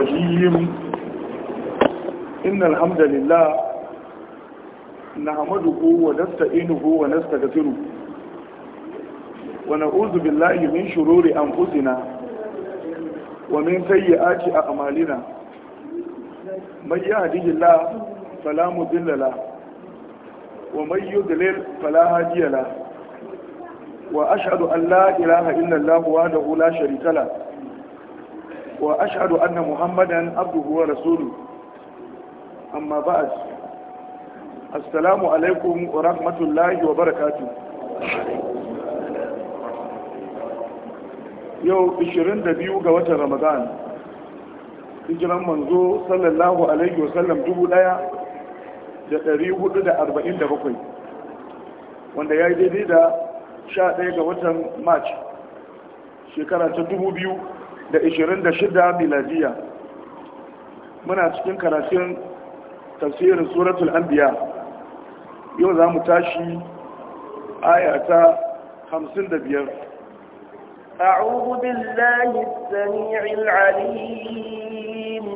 الرجيم إن الحمد لله نحمده ونستئنه ونستغفره ونعوذ بالله من شرور أنفسنا ومن سيئات أعمالنا من يهده الله فلا مضل له ومن يضلل فلا هادي له وأشهد أن لا إله إلا الله وحده لا شريك له وأشهد أن محمدا عبده ورسوله أما بعد السلام wa rahmatullahi wa وبركاته yau 22 ga watan ramadan hijiran manzo sallallahu alaihi wasallam 1447 wanda ya yi daidai da 11 ga watan march shekara ta 2000 da 26 miladiya muna cikin karatun tafsirin suratul anbiya yau za mu tashi aya 55 أعوذ بالله السميع العليم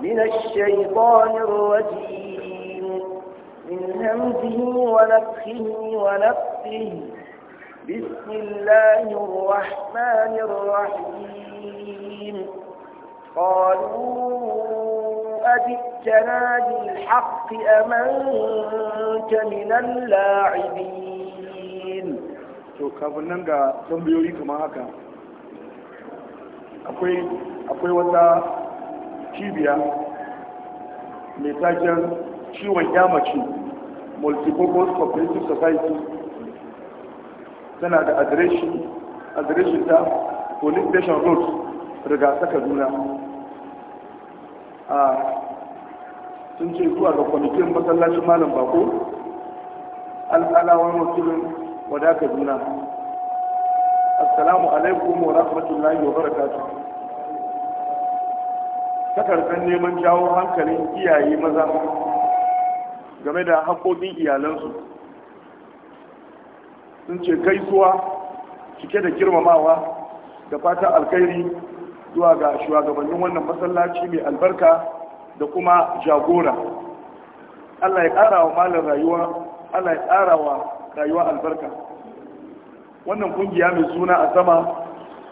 من الشيطان الرجيم من همزه ونفخه ونفسه بسم الله الرحمن الرحيم ربهم قالوا أجئتنا بالحق أم أنت من اللاعبين to kafin nan ga tambayoyi kamar haka akwai wata cibiya mai taken ciwon yamaci multipurpose cooperative society tana da adireshin ta police station road rigasa kaduna a sun ce zuwa ga kwamitin masallacin malam bako al'alawar wakilin wada juna. assalamu alaikum wa rahmatullahi wa barakatu takardar neman jawo hankalin iyaye maza game da haƙoƙin iyalansu sun ce gaisuwa cike da girmamawa da fatan alkhairi zuwa ga shugabannin wannan masallaci mai albarka da kuma jagora Allah ya ƙara wa malar rayuwa Allah ya ƙara wa rayuwa albarka wannan ƙungiya mai suna a sama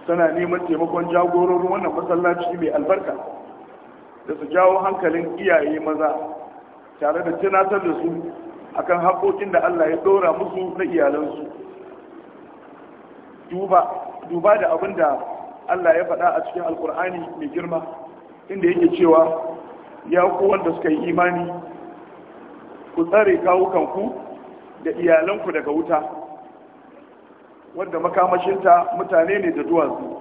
tana neman taimakon jagororin wannan masallaci mai albarka da su jawo hankalin iyaye maza tare da tunatar da su akan haƙoƙin da Allah ya ɗora musu na iyalansu duba da abin da Allah ya faɗa a cikin alkur'ani mai girma inda yake cewa ya ku wanda suka yi imani ku tsare kawukanku da iyalanku daga wuta wanda makamashinta mutane ne da duwatsu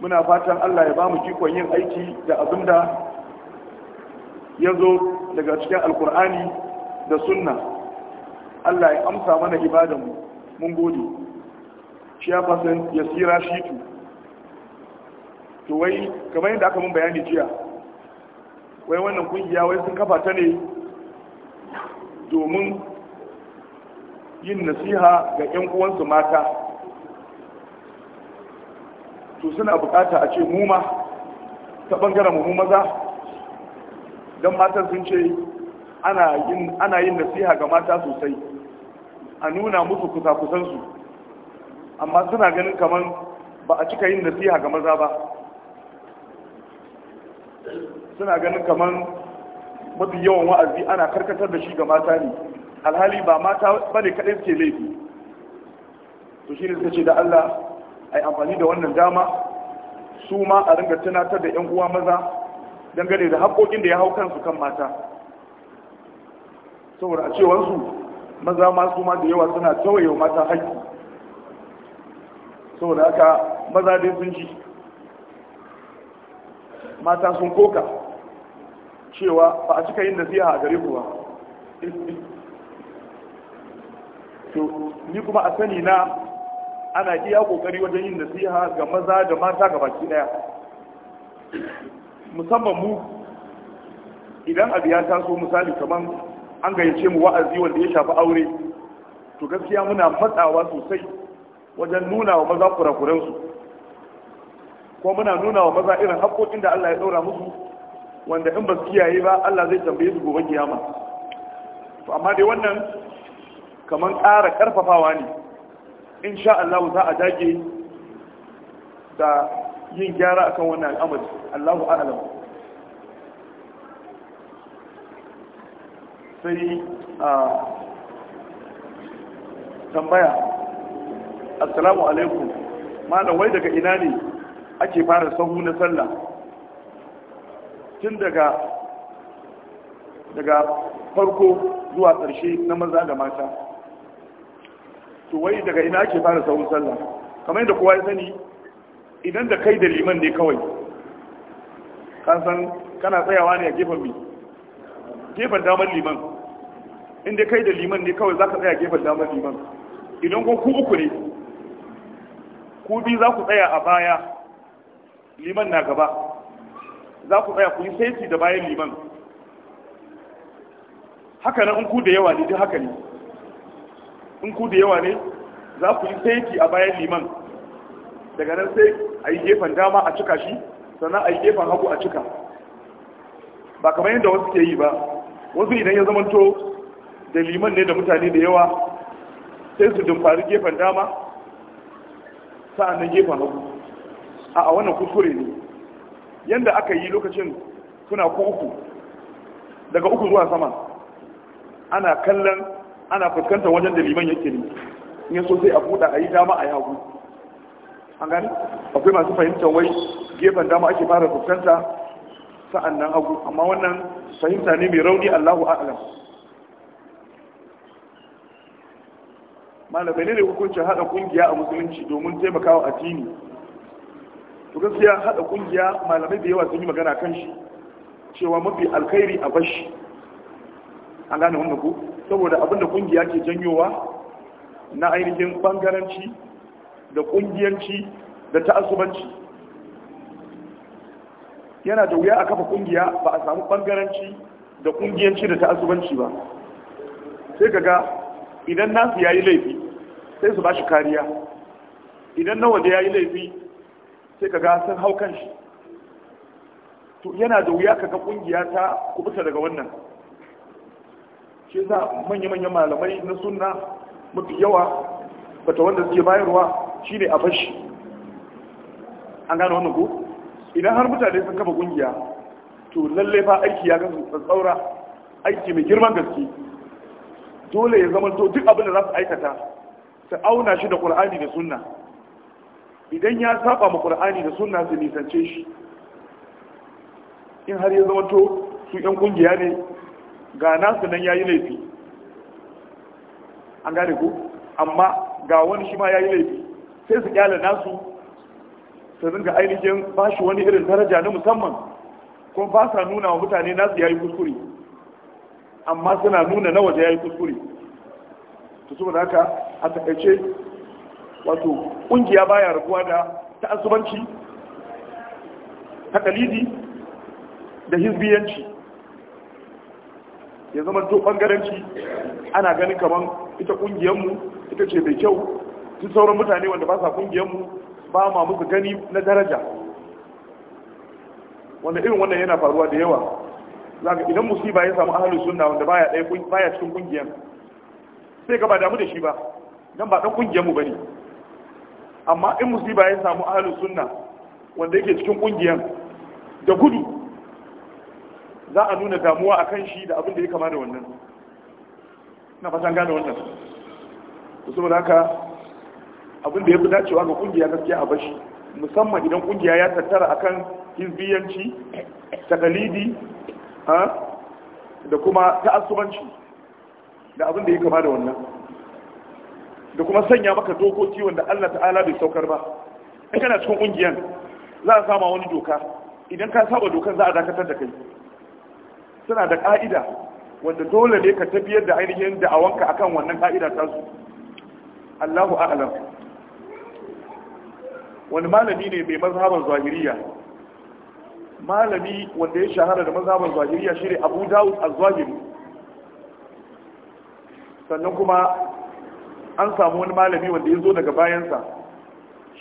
muna fatan Allah ya ba mu kikon yin aiki da abinda ya zo daga cikin alkur'ani da sunna Allah ya amsa mana ibadanmu mun gode shi ya fasin ya shi tu to wai kamar yadda aka mun bayani jiya wai wannan kungiya wai sun kafa ta ne domin yin nasiha ga 'yan uwansu mata to suna bukata a ce mu ma ta bangaren mu maza don matan sun ce ana yin nasiha ga mata sosai a nuna musu kusa-kusansu amma suna ganin kamar ba a cika yin nasiha ga maza ba suna ganin kamar mafi yawan wa'azi ana karkatar da shi ga mata ne alhali ba mata ba ne kaɗai suke laifi to shi ne ce da Allah a yi amfani da wannan dama su ma a ringa tunatar da 'yan uwa maza dangane da haƙoƙin da ya hau kansu kan mata saboda a cewarsu maza ma su ma da yawa suna tawayewa mata haƙƙi saboda haka maza dai sun ji mata sun koka cewa ba a cika yin nasiha a gare kuwa to ni kuma a sani na ana iya kokari wajen yin nasiha ga maza da mata ga baki daya musamman mu idan abu ya taso misali kamar an gayyace mu wa'azi wanda ya shafi aure to gaskiya muna matsawa sosai wajen nuna wa maza kurakuransu ko muna nuna wa maza irin haƙoƙin da Allah ya ɗora musu wanda in ba su kiyaye ba Allah zai tambaye su gobe kiyama to amma dai wannan kamar ƙara ƙarfafawa ne in sha Allah za a dage da yin gyara akan wannan al'amari Allahu a'lam sai a tambaya assalamu alaikum malam wai daga ina ne ake fara sahu na sallah tun daga daga farko zuwa ƙarshe na maza da mata to wai daga ina ake fara sahun sallah kamar yadda kowa ya sani idan da kai da liman ne kawai kan san kana tsayawa ne a gefen mai gefen damar liman inda kai da liman ne kawai za ka tsaya gefen damar liman idan kun ku uku ne ku biyu za ku tsaya a baya liman na gaba za ku tsaya ku yi saisi da bayan liman haka nan in ku da yawa ne duk haka ne in ku da yawa ne za ku yi saisi a bayan liman daga nan sai a yi gefen dama a cika shi sannan a yi gefen hagu a cika ba kamar yadda wasu ke yi ba wasu idan ya zamanto da liman ne da mutane da yawa sai su dumfari gefen dama nan gefen hagu a wannan kuskure ne yadda aka yi lokacin suna ko uku daga uku zuwa sama ana kallon ana fuskantar wajen da liman yake ne in yaso sai a buɗa a yi dama a yagu an gani akwai masu fahimtar wai gefen dama ake fara fuskanta sa'an nan hagu amma wannan fahimta ne mai rauni allahu a'alam malamai ne hukuncin haɗa ƙungiya a musulunci domin taimakawa a addini to gaskiya hada kungiya malamai da yawa sun yi magana kan shi cewa mafi alkhairi a bashi an gane wannan ku saboda abinda kungiya ke janyowa na ainihin bangaranci da kungiyanci da ta'asubanci yana da wuya a kafa kungiya ba a samu bangaranci da kungiyanci da ta'asubanci ba sai kaga idan nasu ya yi laifi sai su bashi kariya idan na waje yi laifi sai ka ga sun hau kan shi to yana da wuya ka ga kungiya ta kubuta daga wannan shi yasa manya-manyan malamai na sunna mafi yawa bata wanda suke bayarwa shine a bashi. an gano wannan ko idan har mutane sun kafa kungiya to lalle fa aiki ya gansu tsatsaura aiki mai girman gaske dole ya zama to duk abin da za su aikata ta auna shi da ƙul'ani da sunna idan ya saba ma qur'ani da sunna su nisance shi in har ya zama to su yan kungiya ne ga nasu nan yayi laifi an gane ku amma ga wani shi ma yayi laifi sai su kyale nasu su ringa ainihin ba shi wani irin daraja na musamman kuma ba sa nuna wa mutane nasu yayi kuskure amma suna nuna na waje yayi kuskure to saboda haka a takaice wato kungiya baya rabuwa da ta'assubanci takalidi da hizbiyanci ya zama to bangaranci ana ganin kaman ita kungiyarmu ita ce mai kyau tun sauran mutane wanda ba sa kungiyarmu ba ma muka gani na daraja wanda irin wannan yana faruwa da yawa zaka idan musiba ya samu ahlus sunna wanda baya ɗaya baya cikin kungiyar sai ka ba damu da shi ba dan ba dan kungiyar mu bane amma in musiba ya samu ahalu sunna wanda yake cikin kungiyar da gudu za a nuna damuwa akan shi da abin da ya kama da wannan na fasan gane wannan kusurwa da haka abin da ya fi dacewa ga kungiya gaskiya a bashi musamman idan kungiya ya tattara akan hizbiyanci takalidi da kuma ta'assubanci da abin da ya kama da wannan da kuma sanya maka dokoki wanda Allah ta'ala bai saukar ba in kana cikin kungiyar za a sama wani doka idan ka saba dokan za a dakatar da kai suna da ka'ida wanda dole ne ka tafiyar da ainihin da'awanka akan wannan ka'ida ta su Allahu a'lam wani malami ne mai mazhabar zahiriya malami wanda ya shahara da mazhabar zahiriya shine Abu Dawud az-Zahiri sannan kuma an samu wani malami wanda ya zo daga bayansa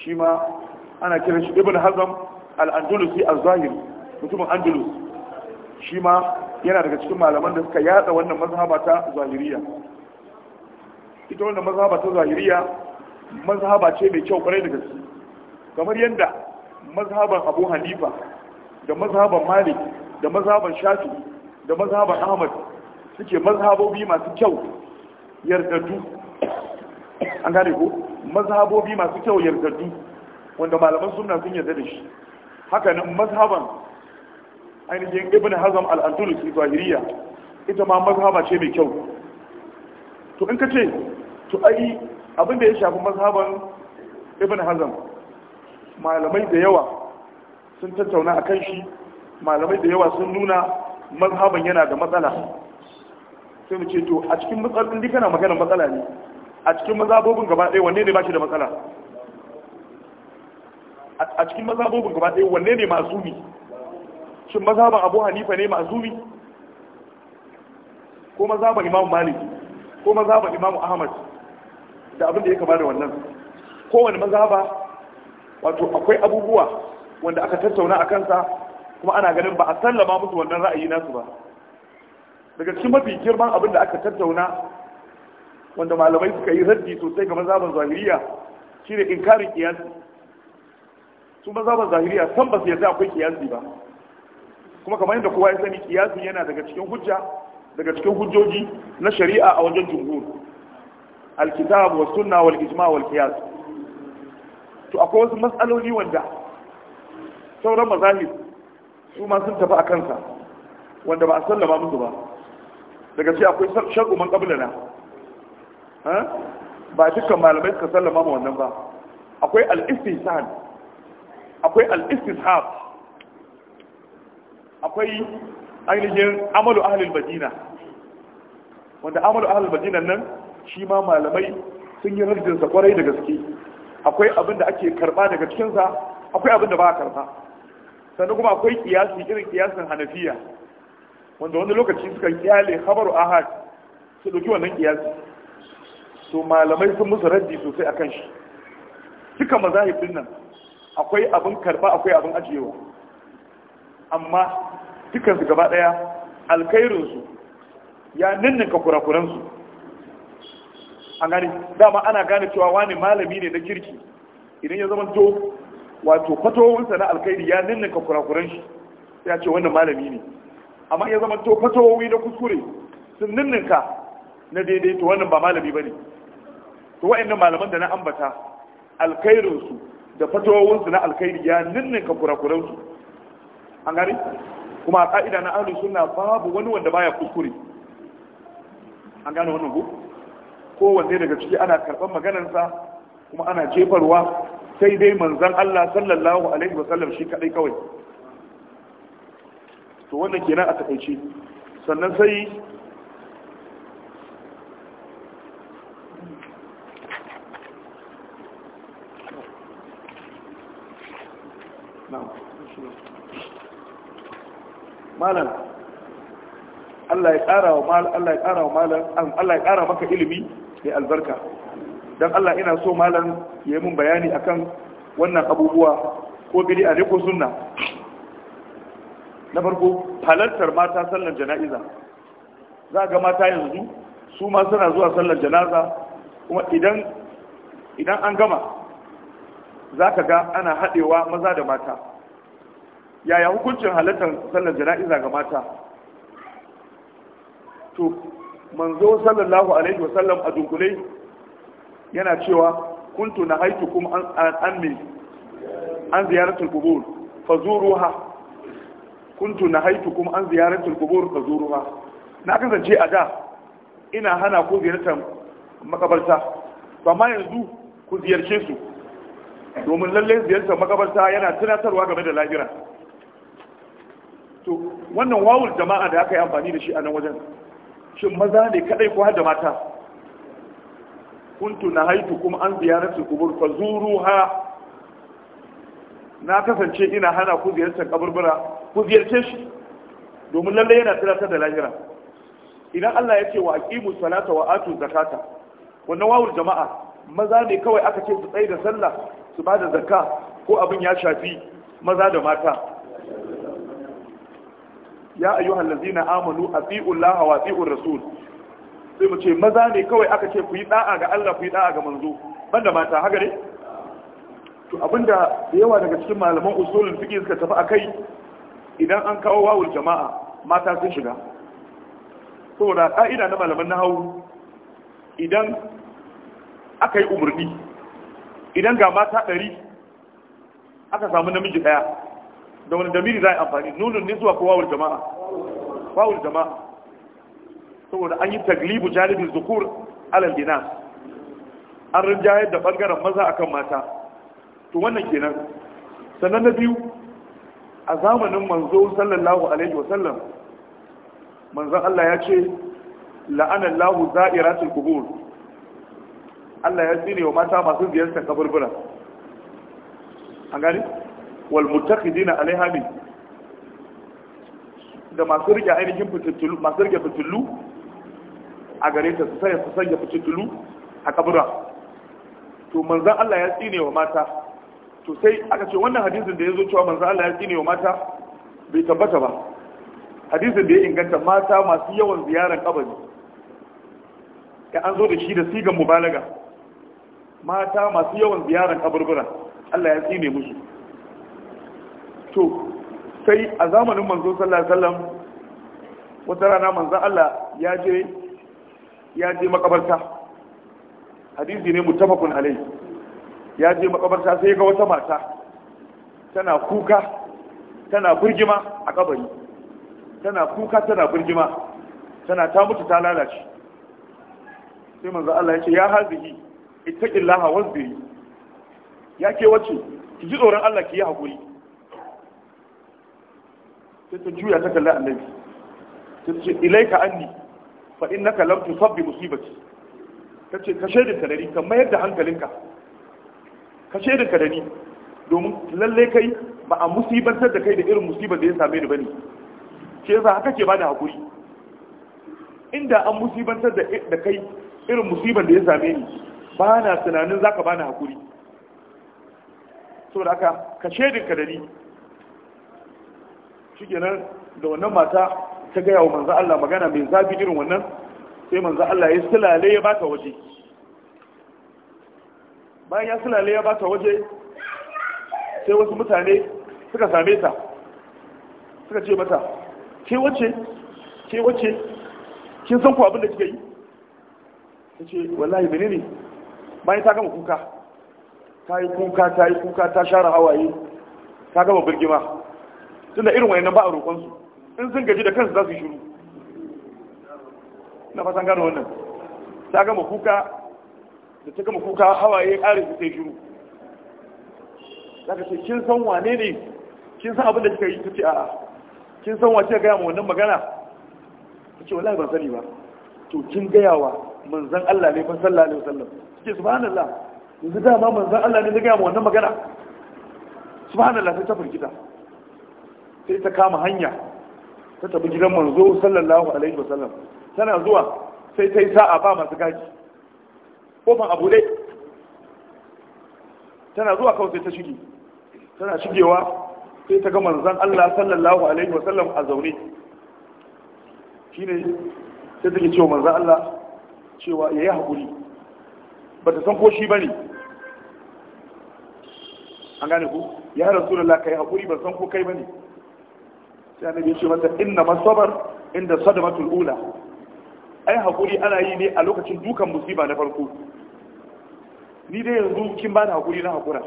shi ma ana kiran shi ibn hazam al-andalusi az-zahiri mutumin andalus shi ma yana daga cikin malaman da suka yada wannan mazhaba ta zahiriya ita wannan mazhaba ta zahiriya mazhaba ce mai kyau kwarai da gaske kamar yadda mazhaban abu hanifa da mazhaban malik da mazhaban shafi da mazhaban ahmad suke mazhabobi masu kyau yardadu an gane ko mazhabobi masu kyau yardaddu wanda malaman sunna sun yarda da shi haka nan mazhaban ainihin ibn hazam al-andalusi zahiriya ita ma mazhaba ce mai kyau to in ka ce to ai abin da ya shafi mazhaban ibn hazam malamai da yawa sun tattauna a kan shi malamai da yawa sun nuna mazhaban yana da matsala sai mu ce to a cikin matsalolin duk kana magana matsala ne a cikin mazabobin gaba ɗaya wanne ne ba shi da matsala a cikin mazabobin gaba ɗaya wanne ne mazumi shin mazhaban abu hanifa ne mazumi ko mazhaban imam malik ko mazhaban imam ahmad da abin da ya kama da wannan kowane mazaba wato akwai abubuwa wanda aka tattauna a kansa kuma ana ganin ba a sallama musu wannan ra'ayi nasu ba daga cikin mafi girman abin da aka tattauna wanda malamai suka yi raddi sosai ga mazhaban zahiriya shine inkarin kiyasi su mazhaban zahiriya san ba su yarda akwai kiyasi ba kuma kamar yadda kowa ya sani kiyasi yana daga cikin hujja daga cikin hujjoji na shari'a a wajen jumhur alkitab wa sunna wal ijma wal qiyas to akwai wasu matsaloli wanda sauran mazahib su ma sun tafi a kansa wanda ba a sallama musu ba daga ce akwai shar'u man qablana ba dukkan malamai suka sallama ma wannan ba akwai al-istihsan akwai al-istishab akwai ainihin amalu ahlul madina wanda amalu ahlul madina nan shi ma malamai sun yi rajin sa kwarai da gaske akwai abin da ake karba daga cikin sa akwai abin da ba a karba sannan kuma akwai kiyasi irin kiyasin hanafiya wanda wani lokaci suka kiyale khabaru ahad su doki wannan kiyasi to malamai sun musu raddi sosai akan shi Suka mazahib nan akwai abin karba akwai abin ajiyewa amma dukan su gaba daya alkhairin su ya ninninka kurakuran su an gani dama ana gane cewa wani malami ne na kirki idan ya zama to wato fatowinsa na alkhairi ya ninninka kurakuran shi ya ce wannan malami ne amma ya zama to fatowowi na kuskure sun ninninka na daidai wannan ba malami ba ne to wa'annan malaman da na ambata su da su na alkhairi ya ninninka su an gani kuma a ka'ida na ahlus sunna babu wani wanda baya kuskure an gane wannan ko ko wanda daga ciki ana karban maganarsa kuma ana jefarwa sai dai manzon Allah sallallahu alaihi wasallam shi kadai kawai to wannan kenan a takaice sannan sai malam Allah ya ƙara wa maka ilimi da albarka don Allah ina so malam ya yi mun bayani akan wannan abubuwa ko bid'a ne ko sunna na farko halartar mata sallar jana'iza za a ga mata yanzu su ma suna zuwa sallar jana'iza kuma idan an gama za ka ga ana haɗewa maza da mata yaya hukuncin halartar sallar jana'iza ga mata to manzo sallallahu alaihi wasallam a dunkule yana cewa kuntu na haitu kuma an ne an ziyarar kubur fa zuruha kuntu na haitu kuma an ziyarar kubur fa zuruha na kasance a da ina hana ku ziyartar makabarta ba ma yanzu ku ziyarce su domin lallai ziyartar makabarta yana tunatarwa game da lahira to wannan wawul jama'a da aka yi amfani da shi a nan wajen shin maza ne kadai ko har da mata kuntu kuma an ziyarar ziyaratil qubur fazuruha na kasance ina hana ku ziyartar kaburbura ku ziyarce shi domin lallai yana tunatar da lahira idan Allah ya ce wa aqimu salata wa atu zakata wannan wawul jama'a maza ne kawai aka ce su tsaye da sallah su ba da zakka ko abin ya shafi maza da mata ya ayyuhal ladzina amanu atiullaha wa atiur rasul sai mu ce maza ne kawai aka ce ku yi da'a ga Allah ku yi da'a ga manzo banda mata haka ne to abinda da yawa daga cikin malaman usulun suke suka tafi a kai idan an kawo wawul jama'a mata sun shiga saboda ka'ida na malaman hau idan aka yi umarni idan ga mata ɗari aka samu namiji ɗaya da wani damiri za a yi amfani nono ne zuwa kowawar jama'a wawul jama'a saboda an yi taglibu janibin zukur alal gina an rinjayar da ɓangaren maza akan mata to wannan kenan sannan na biyu a zamanin manzo sallallahu alaihi wasallam manzon Allah ya ce la'anar lahu za'iratul kubur Allah ya tsine wa mata masu ziyartar kaburbura an gani wal alaiha min da masu rike ainihin fitullu masu rike fitullu a gare ta su sanya su sanya fitullu a kabura to manzon Allah ya tsine wa mata to sai aka ce wannan hadisin da ya zo cewa manzon Allah ya tsine wa mata bai tabbata ba hadisin da ya inganta mata masu yawan ziyaran kabari ya an zo da shi da sigan mubalaga mata masu yawan ziyarar kaburbura, Allah ya tsine musu to sai a zamanin manzo sallallahu alaihi wasallam wata rana manzo Allah ya je ya je makabarta hadisi ne muttafaqun alai ya je makabarta sai ga wata mata tana kuka tana burgima a kabari tana kuka tana burgima tana ta mutu ta lalace sai manzo Allah ya ce ya hazihi ittaqillaha wasbiri ya ke wacce ki ji tsoron Allah ki yi hakuri sai ta juya ta kalli annabi sai ta ce ilaika anni fa innaka lam tusabbi musibati ta ce ka shaidin ka dari ka mayar da hankalinka ka shaidin ka dari domin lalle kai ba a musibantar da kai da irin musibar da ya same ni bane ke yasa haka ke bada hakuri inda an musibantar da kai irin musibar da ya same ni ba na tunanin za ka ba na haƙuri saboda haka ka shaidinka da ni shi kenan da wannan mata ta gaya wa manzan Allah magana mai zafi irin wannan sai manzan Allah ya silale ya bata waje bayan ya silale ya bata waje sai wasu mutane suka same ta suka ce mata ke wace ke wace kin san ku abin da kika yi ta ce wallahi menene bayan ta gama kuka ta yi kuka ta yi kuka ta share hawaye ta gama birgima tunda irin wayannan ba a roƙonsu in sun gaji da kansu za su shiru na fasan gano wannan ta gama kuka da ta gama kuka hawaye ya su sai shiru ka ce kin san wane ne kin san abin da kika yi ce a'a kin san wace gaya ma wannan magana ce, wallahi ban sani ba to kin gaya wa? manzan Allah ne fa sallallahu alaihi wasallam suke subhanallah yanzu ma manzan Allah ne na gaya ma wannan magana subhanallah sai ta firgita sai ta kama hanya ta tafi gidan manzo sallallahu alaihi wasallam tana zuwa sai ta yi sa'a ba masu gaji kofan abu dai tana zuwa kawai sai ta shige tana shigewa sai ta ga manzan Allah sallallahu alaihi wasallam a zaune shine sai take cewa manzan Allah cewa ya yi haƙuri ba ta san ko ba ne an gane ku ya rasu da laka ya haƙuri ba san ko kai ba ne sai annabi ya ce mata inna masabar inda sadamatul ula ai haƙuri ana yi ne a lokacin dukan musiba na farko ni dai yanzu kin ba da haƙuri na haƙura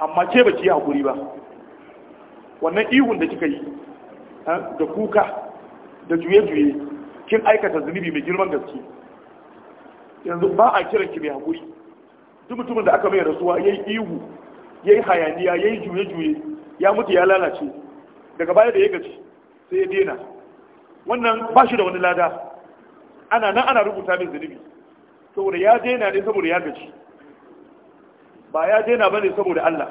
amma ke ba ki yi haƙuri ba wannan ihun da kika yi da kuka da juye-juye kin aikata zunubi mai girman gaske yanzu ba a kiran ki mai haƙuri duk mutumin da aka mai rasuwa ya yi ihu ya yi hayaniya ya yi juye-juye ya mutu ya lalace daga baya da ya gaci sai ya dena wannan ba shi da wani lada ana nan ana rubuta mai zunubi saboda ya dena ne saboda ya gaci ba ya dena ba ne saboda Allah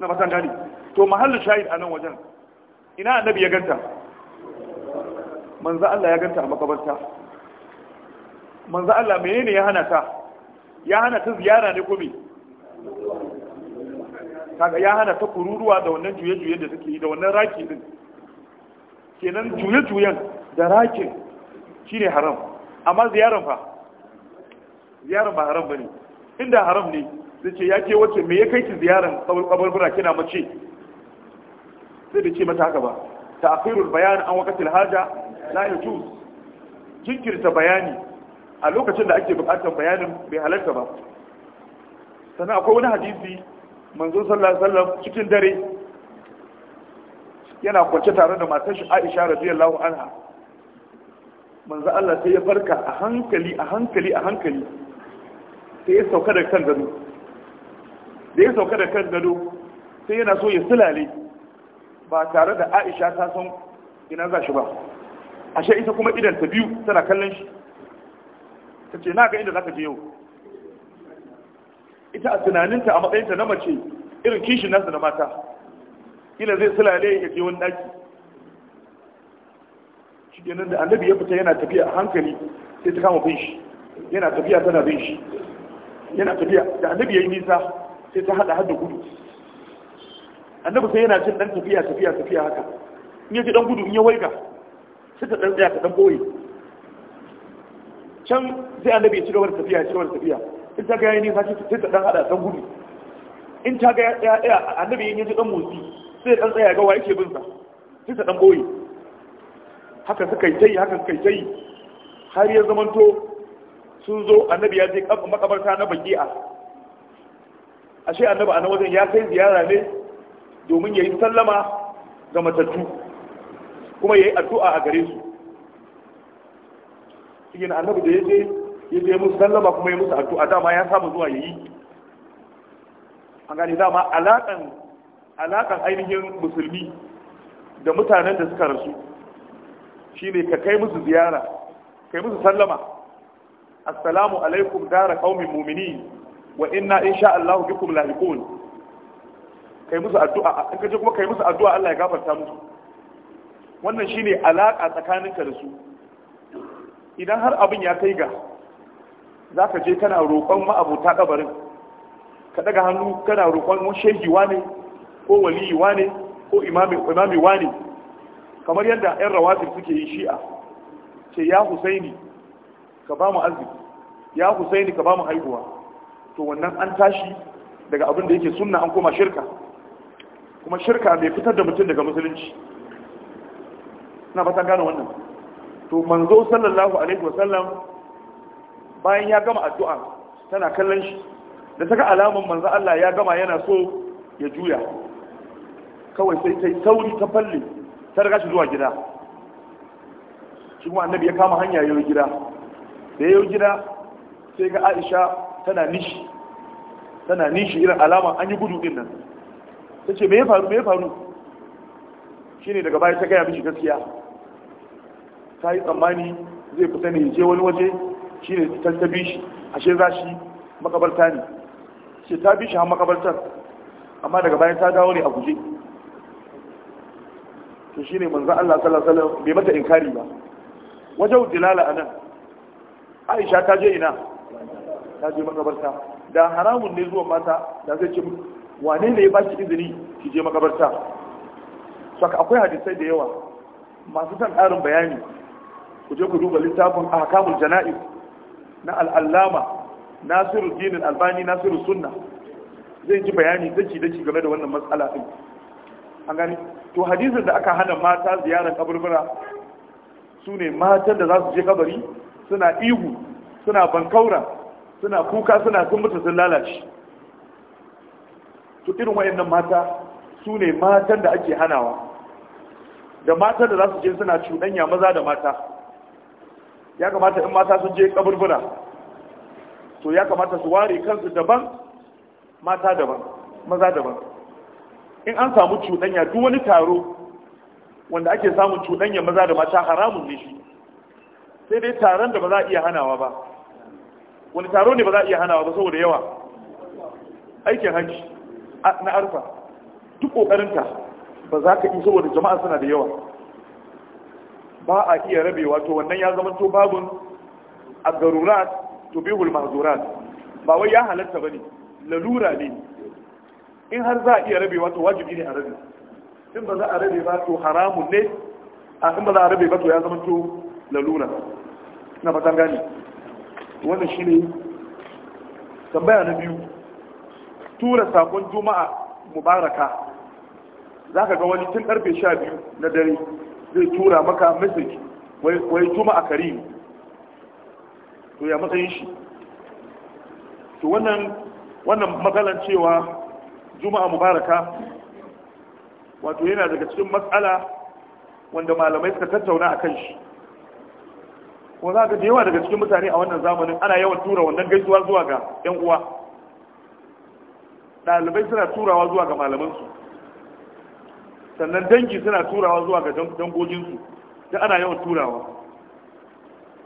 na fatan gani to mahallin shahid a nan wajen ina annabi ya ganta manzo Allah ya ganta a makabarta manzo Allah menene ya hana ta ya hana ta ziyara ne ko me kaga ya hana ta kururuwa da wannan juye-juye da suke yi da wannan raki din kenan juye-juyen da rakin shine haram amma ziyaran fa ziyaran ba haram bane inda haram ne da ce ya ke wace me ya kai ki ziyaran kaburbura kina mace sai da ce mata haka ba ta'khirul bayan an wakatil haja la yajuz jinkirta bayani a lokacin da ake bukatar bayanin bai halarta ba sannan akwai wani hadisi manzo sallallahu alaihi wasallam cikin dare yana kwance tare da matar shi Aisha radiyallahu anha manzo Allah sai ya farka a hankali a hankali a hankali sai ya sauka da kan gado da ya sauka da kan gado sai yana so ya sulale ba tare da Aisha ta san ina za shi ba ashe ita kuma idan ta biyu tana kallon shi ta ce na ga inda za ka je yau ita a tunaninta a matsayinta na mace irin kishin nasu da mata ila zai sulale ya je wani daki shi kenan da annabi ya fita yana tafiya a hankali sai ta kama bin shi yana tafiya tana bin shi yana tafiya da annabi ya yi nisa sai ta hada hada gudu annabi sai yana cin dan tafiya tafiya tafiya haka in ya ji dan gudu in ya waiga sai ta dan tsaya ta dan boye can sai annabi ya ci gaba da tafiya ci gaba da tafiya in ta ga yayin sai sai ta dan hada dan gudu in ta ga ya ya annabi yin ji dan motsi sai dan tsaya ga waye ke bin sa sai ta dan boye haka suka yi tayi haka suka yi tayi har ya zamanto sun zo annabi ya je kafin makabarta na baki'a ashe annabi a wajen ya kai ziyara ne domin ya yi sallama ga matattu kuma ya yi addu'a a gare su shi ne annabi da ya je ya je musu sallama kuma ya musu addu'a dama ya samu zuwa yayi an gani dama alakan alaƙan ainihin musulmi da mutanen da suka rasu shi ne ka kai musu ziyara kai musu sallama assalamu alaikum dara qaumin mu'minin wa inna insha Allah bikum lahiqun kai musu addu'a in ka je kuma kai musu addu'a Allah ya gafarta musu wannan shine alaka tsakaninka da su idan har abin ya kai ga za ka je kana roƙon ma'abuta ƙabarin. ka daga hannu kana roƙon shehi ne, ko waliyi ne, ko imami wa ne. kamar yadda 'yan rawatin suke yi shi'a ce ya husaini ka ba mu arziki ya husaini ka ba mu haihuwa to wannan an tashi daga abin da yake sunna an koma shirka kuma shirka mai fitar da mutum daga musulunci na fatan gane wannan to manzo sallallahu alaihi wasallam bayan ya gama addu'a tana kallon shi da ta ga alaman manzo Allah ya gama yana so ya juya kawai sai sai sauri ta falle ta riga shi zuwa gida shi kuma annabi ya kama hanya yayin gida da yayin gida sai ga Aisha tana nishi tana nishi irin alaman an yi gudu din nan ce me ya faru me ya faru shine daga baya ta gaya ya mishi gaskiya ta yi tsammani zai fita ne je wani waje shi ne ta tabi shi ashe za shi makabarta ne shi ta bi shi har makabartar amma daga bayan ta dawo ne a guje to shi ne manzan Allah sallallahu alaihi wasallam bai mata inkari ba wajen dilala a nan aisha ta je ina ta je makabarta da haramun ne zuwa mata da zai ce wane ne ya ba ki izini ki je makabarta saka akwai hadisai da yawa masu san ƙarin bayani ku je ku duba littafin ahkamul jana'iz na al'allama nasiruddin albani nasiru sunna zai ji bayani daci daci game da wannan matsala din an gani to hadisin da aka hana mata ziyarar kaburbura su ne matan da za su je kabari suna ihu suna bankaura suna kuka suna sun mutu sun lalace to irin wayannan mata su ne matan da ake hanawa da matan da za su je suna cuɗanya maza da mata ya kamata in mata sun je kaburbura to ya kamata su ware kansu daban mata daban maza daban in an samu cuɗanya duk wani taro wanda ake samun cuɗanya maza da mata haramun ne shi sai dai taron da ba za a iya hanawa ba wani taro ne ba za a iya hanawa ba saboda yawa aikin hajji na arfa duk ƙoƙarinta ba za ka yi saboda jama'a suna da yawa ba a iya rabewa to wannan ya zama to babun agarurat to bihul mahzurat ba wai ya halatta bane lalura ne in har za a iya rabewa to wajibi ne a rabe in ba za a rabe ba to haramun ne a in ba za a rabe ba to ya zama to lalura na fatan gani wannan shine tambaya na biyu tura sakon juma'a mubaraka za ka ga wani tun karfe sha biyu na dare zai tura maka message wai juma a ne, to ya matsayin shi to wannan matsalan cewa juma'a mubaraka wato yana daga cikin matsala wanda malamai suka tattauna a kan shi ko za ka yawa daga cikin mutane a wannan zamanin ana yawan tura wannan gaisuwa zuwa ga 'yan uwa ɗalibai suna turawa zuwa ga malamansu sannan dangi suna turawa zuwa ga dangoginsu da ana yawan turawa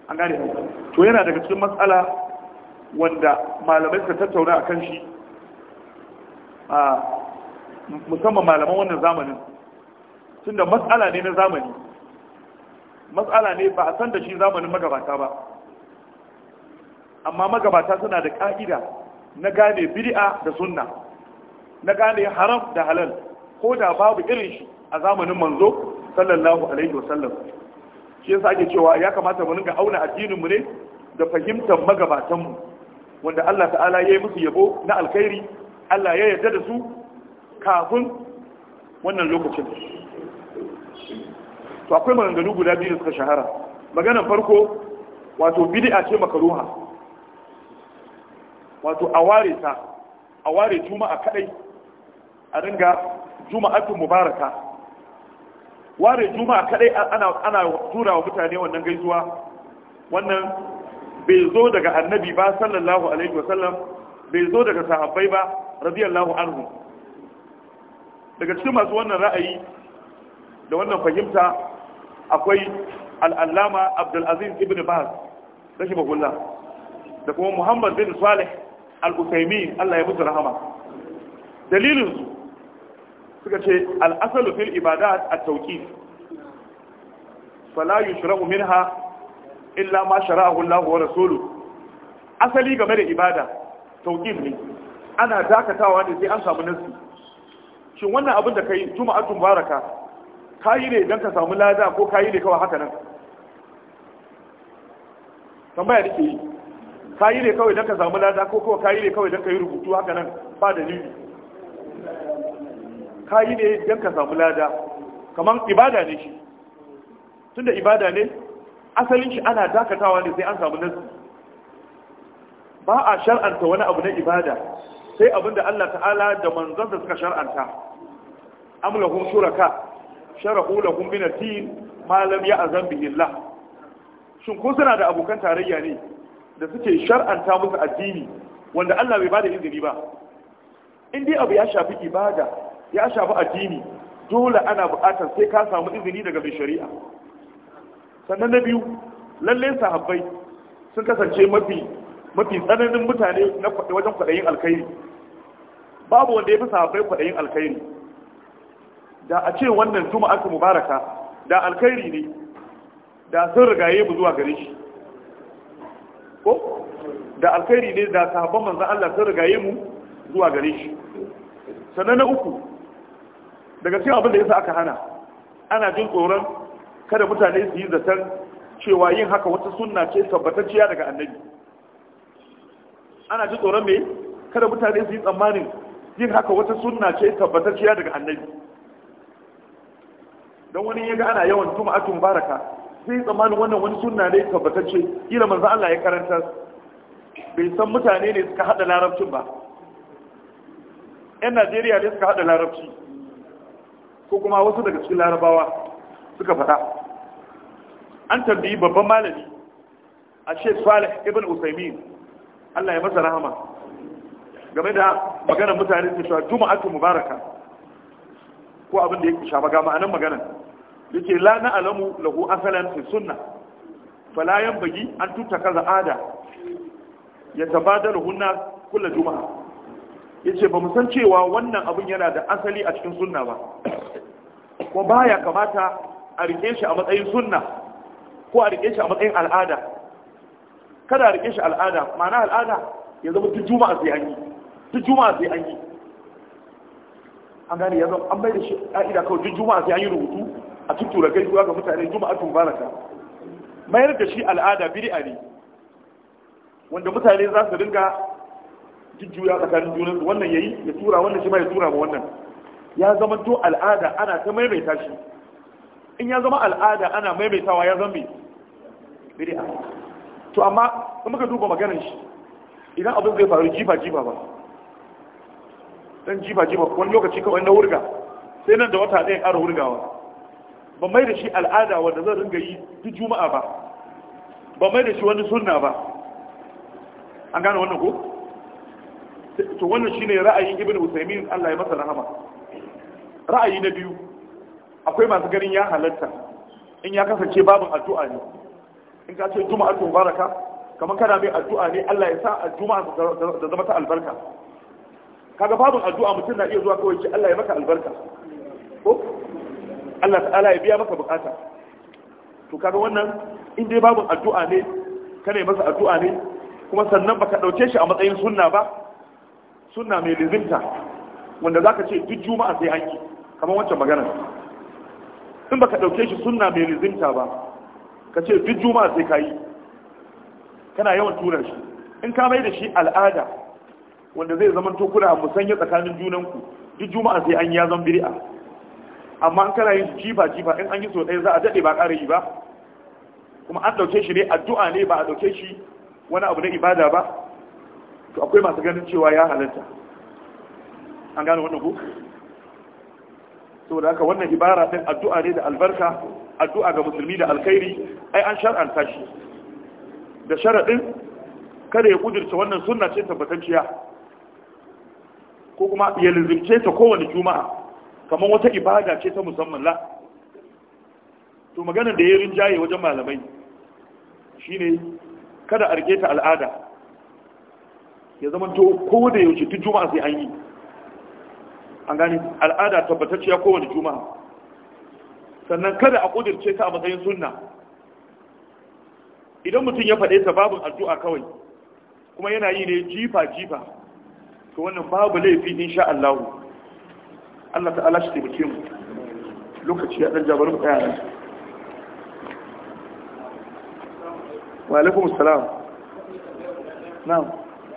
an gane to yana daga cikin matsala wanda malamai suka tattauna a kan shi a musamman malaman wannan zamanin tunda matsala ne na zamani matsala ne ba a san da shi zamanin magabata ba amma magabata suna da ƙa'ida na gane bid'a da sunna na gane haram da halal ko da babu irin shi a zamanin manzo sallallahu alaihi wasallam shi yasa ake cewa ya kamata mu ringa auna addinin mu ne da fahimtar magabatan mu wanda Allah ta'ala yayi yi musu yabo na alkhairi Allah ya yarda da su kafin wannan lokacin to akwai maganganu guda biyu suka shahara maganar farko wato bid'a ce makaruha wato a ware ta a ware juma'a kadai a ringa juma'atun mubaraka ware juma'a kadai ana ana tura wa mutane wannan gaisuwa wannan bai zo daga annabi ba sallallahu alaihi sallam bai zo daga sahabbai ba radiyallahu anhu daga cikin masu wannan ra'ayi da wannan fahimta akwai al'allama abdulaziz ibn baz rashi bakulla da kuma muhammad bin salih al-usaimin allah ya mutu rahama dalilinsu suka ce al'asalu fil ibadat at-tawqif fala yushra'u minha illa ma shara'ahu Allah wa rasulu asali game da ibada tawqif ne ana dakatawa ne sai an samu nasu shin wannan abin da kai juma'atun baraka kayi ne idan ka samu lada ko kayi ne kawai haka nan tambaya nake yi kayi ne kawai idan ka samu lada ko kawai kayi ne kawai dan ka yi rubutu haka nan ba dalili ka yi ne don ka samu lada kamar ibada ne shi tunda ibada ne asalin shi ana dakatawa ne sai an samu nasu ba a shar'anta wani abu na ibada sai abin da Allah ta'ala da manzan da suka shar'anta amlahum shuraka sharahu lahum min ad ma lam ya'zam bihi Allah shin ko suna da abokan tarayya ne da suke shar'anta musu addini wanda Allah bai bada izini ba in dai abu ya shafi ibada ya shafi addini dole ana buƙatar sai ka samu izini daga mai shari'a sannan na biyu lalle sahabbai sun kasance mafi mafi tsananin mutane na wajen kwaɗayin alkhairi babu wanda ya fi sahabbai kwaɗayin alkhairi da a ce wannan aka mubaraka da alkhairi ne da sun rigaye mu zuwa gare shi ko da alkhairi ne da sahabban manzon Allah sun rigaye mu zuwa gare shi sannan na uku daga cikin abin da yasa aka hana ana jin tsoron kada mutane su yi zaton cewa yin haka wata sunna ce tabbatacciya daga annabi ana jin tsoron me kada mutane su yi tsammanin yin haka wata sunna ce tabbatacciya daga annabi don wani ya ga ana yawan atun baraka sai tsammanin wannan wani sunna ne tabbatacce kila manzo Allah ya karanta bai san mutane ne suka hada larabcin ba yan Najeriya ne suka hada larabci ko kuma wasu daga cikin larabawa suka faɗa an tambayi babban malami a ce salih ibn usaimin allah ya masa rahama game da maganar mutane su cewa juma'atu mubaraka ko abin da yake shafa ga ma'anar maganar yace la na alamu lahu asalan fi sunna fala baki an kaza ada yatabadalu hunna kullu juma'a yace ba mu san cewa wannan abin yana da asali a cikin sunna ba ko ya kamata a rike shi a matsayin sunna ko a rike shi a matsayin al'ada kada a rike shi al'ada ma'ana al'ada ya zama duk juma'a sai an yi duk juma'a sai an yi an gane ya zama an bai da shi ka'ida kawai duk juma'a sai an yi rubutu a tuttura gaisuwa ga mutane juma'a tun baraka mayar da shi al'ada bid'a ne wanda mutane za su dinga jujjuya tsakanin junan wannan yayi ya tura wannan shi ma ya tura ma wannan ya zama to al'ada ana ta maimaita shi in ya zama al'ada ana maimaitawa ya zambe bid'a to amma in muka duba maganar shi idan abin zai faru jifa jifa ba dan jifa jifa wani lokaci kawai na wurga sai nan da wata ɗaya ƙara wurgawa ba mai da shi al'ada wanda zan ringa yi duk juma'a ba ba mai da shi wani sunna ba an gane wannan ko to wannan shine ra'ayin ibn usaymin Allah ya masa rahama ra'ayi na biyu akwai masu ganin ya halatta in ya kasance babin addu'a ne in ka ce juma'a to baraka kamar kana mai addu'a ne Allah ya sa juma'a ta zama ta albarka kaga babin addu'a mutum na iya zuwa kawai ce Allah ya maka albarka ko Allah ta'ala ya biya maka bukata to kaga wannan in dai babin addu'a ne kana masa addu'a ne kuma sannan baka dauke shi a matsayin sunna ba sunna mai lizimta wanda zaka ce duk juma'a sai an yi kamar wancan magana in baka dauke shi sunna mai lizimta ba ka ce duk juma'a sai ka yi kana yawan tura shi in ka mai da shi al'ada wanda zai zama to kuna musanya tsakanin junanku duk juma'a sai an ya zan biri'a. amma an kana yin jifa jifa in an yi so ɗaya za a daɗe ba ƙara yi ba kuma an ɗauke shi ne addu'a ne ba a ɗauke shi wani abu na ibada ba to akwai masu ganin cewa ya halatta an gane wannan ku saboda haka wannan ibara din addu'a ne da albarka addu'a ga musulmi da alkhairi ai an shar'anta shi da sharadin kada ya kudurta wannan sunna ce tabbatacciya ko kuma ya lizimce ta kowane juma'a kamar wata ibada ce ta musamman la to maganar da ya rinjaye wajen malamai shine kada a rike ta al'ada ya zama to ko da yaushe duk juma'a sai an yi an gane al'ada tabbatacciya kowane juma'a sannan kada a kudirce ta a matsayin sunna idan mutum ya faɗe ta babin addu'a kawai kuma yana yi ne jifa jifa to wannan babu laifi insha Allah Allah ta'ala shi ta mu lokaci ya dan jabarin tsaya nan wa alaikum assalam na'am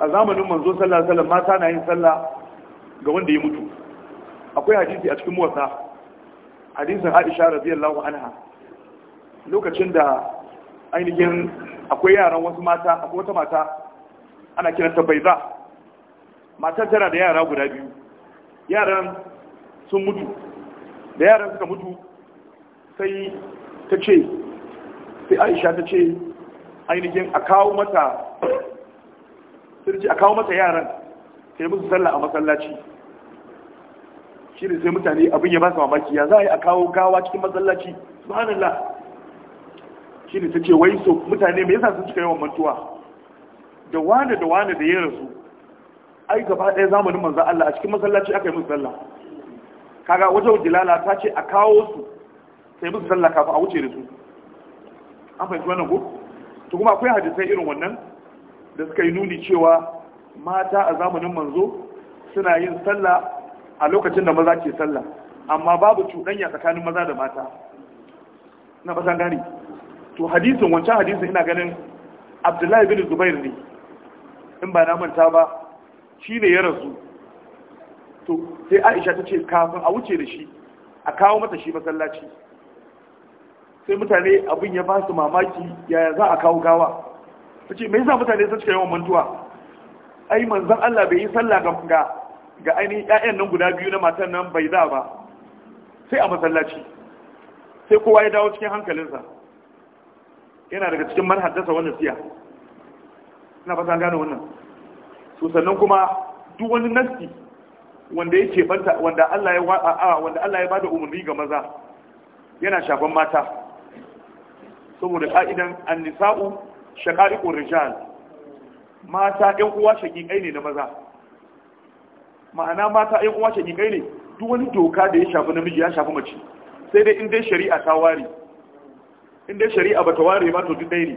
a zamanin manzo sallallahu alaihi wasallam mata na yin sallah ga wanda ya mutu akwai hadisi a cikin muwatta hadisin Aisha radiyallahu anha lokacin da ainihin akwai yaran wasu mata akwai wata mata ana ta baiza matar tana da yara guda biyu yaran sun mutu da yaran suka mutu sai ta ce sai aisha ta ce ainihin a kawo mata sirji ce a kawo masa yaran sai musu sallah a masallaci shi ne sai mutane abin ya ba su mamaki ya za a yi a kawo gawa cikin masallaci subhanallah shi ne ta ce wai so mutane me yasa sun cika yawan mantuwa da wane da wane da ya rasu ai gaba ɗaya zamanin manzan Allah a cikin masallaci aka yi musu sallah kaga wajen dilala ta ce a kawo su sai musu sallah kafin a wuce da su an fahimci wannan ko to kuma akwai hadisai irin wannan da suka yi nuni cewa mata a zamanin manzo suna yin sallah a lokacin da maza ke sallah amma babu cuɗanya tsakanin maza da mata na basan gani to hadisin wancan hadisin ina ganin abdullahi bin zubair ne in ba na manta ba shi ne ya rasu to sai aisha ta ce kafin a wuce da shi a kawo mata shi masallaci sai mutane abin ya ba su mamaki yaya za a kawo gawa kace me yasa mutane sun cika yawan mantuwa ai manzon Allah bai yi sallah ga ga ainihin ƴaƴan nan guda biyu na matan nan bai za ba sai a masallaci sai kowa ya dawo cikin hankalinsa yana daga cikin manhaddasa wannan siya ina fata gane wannan so sannan kuma duk wani nasti wanda ya ce banta wanda Allah ya wanda Allah ya bada umarni ga maza yana shafan mata saboda ka'idan annisa'u. shaqaiqur rijal mata ɗan uwa shaqiqai ne na maza ma'ana mata ɗan uwa shaqiqai ne duk wani doka da ya shafi namiji ya shafi mace sai dai in dai shari'a ta ware in dai shari'a bata ware ba to duk dai ne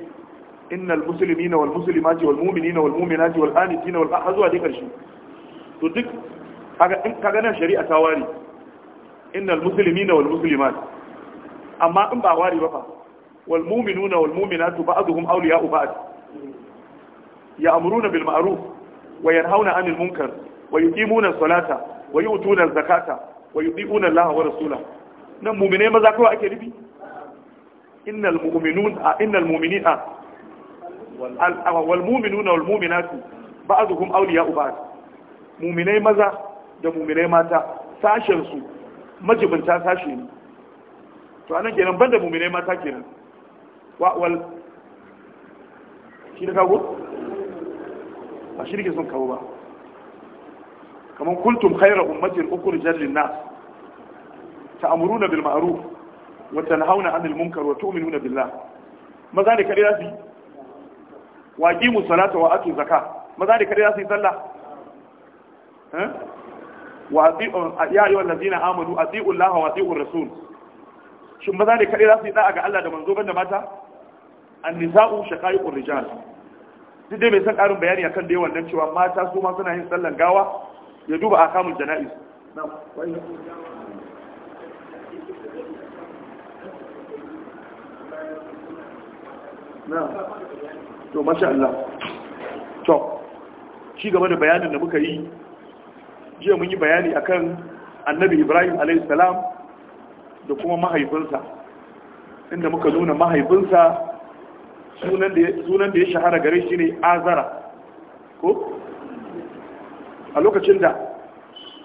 innal muslimina wal muslimati wal mu'minina wal mu'minati wal qanitina wal ahzuwa dai karshe to duk kaga nan shari'a ta ware innal muslimina wal muslimat amma in ba ware ba fa wal mu'minuna wal mu'minatu ba'dhum awliya'u ba'd ya'muruna bil ma'ruf wa yanhauna 'anil munkar wa yuqimuna as-salata wa yu'tuna az-zakata wa yuti'una Allah wa rasulahu nan mu'mine maza kawai ake nufi innal mu'minai maza da mu'minai mata sashen su majibinta sashe ne to anan kenan banda mu'minai mata kenan wal shi da kago ba shi da son kawo ba kamar kuntum khairar ummatin ukur jallin nas ta'amuruna bil ma'ruf wa tanhauna 'anil munkar wa tu'minuna billah maza da kare zasu wa aqimu salata wa ake zakat maza da kare zasu yi sallah eh wa ati'u ya ayyuhal ladina amanu ati'u allaha wa ati'u rasul shin maza da kare zasu yi da'a ga Allah da manzo banda mata annisa'u shaqaiqur rijal duk dai bai san karin bayani akan da yawan nan cewa mata su ma suna yin sallan gawa ya duba akamul janaiz to masha Allah to ci gaba da bayanin da muka yi jiya mun yi bayani akan annabi Ibrahim alayhi salam da kuma mahaifinsa inda muka nuna mahaifinsa sunan da ya shahara gare shi ne azara ko a lokacin da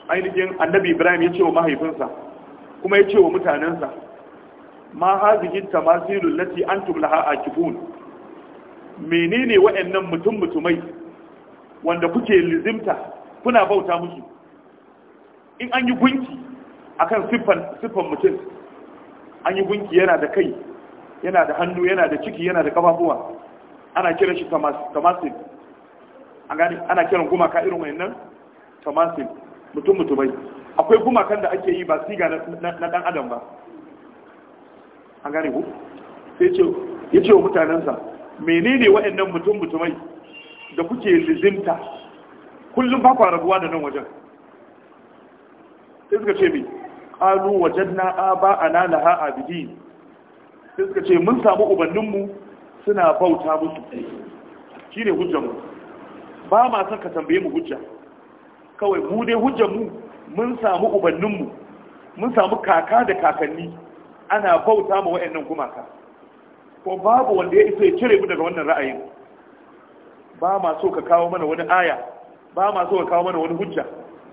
ainihin annabi ibrahim ya ce wa mahaifinsa kuma ya ce wa mutanensa ma hazihin tamasirul lati antum laha akifun menene wa'annan mutum mutumai wanda kuke lizimta kuna bauta musu in an yi gunki akan kan siffan mutum an yi gunki yana da kai yana da hannu yana da ciki yana da kafafuwa ana kiran shi tamasil an gane ana kiran gumaka irin nan tamasil mutum mutumai akwai gumakan da ake yi ba siga na dan adam ba an gane ku sai ce ya ce wa mutanensa menene wayannan mutum mutumai da kuke lizinta kullum ba kwa rabuwa da nan wajen sai suka ce mai ƙalu wajen na ba a na laha abidin sai suka ce mun samu ubanninmu suna bauta musu shi ne hujjanmu ba ma san ka tambaye mu hujja kawai mu dai hujjanmu mun samu ubanninmu mun samu kaka da kakanni ana bauta ma wa'annan gumaka ko babu wanda ya isa ya cire mu daga wannan ra'ayin ba ma so ka kawo mana wani aya ba ma so ka kawo mana wani hujja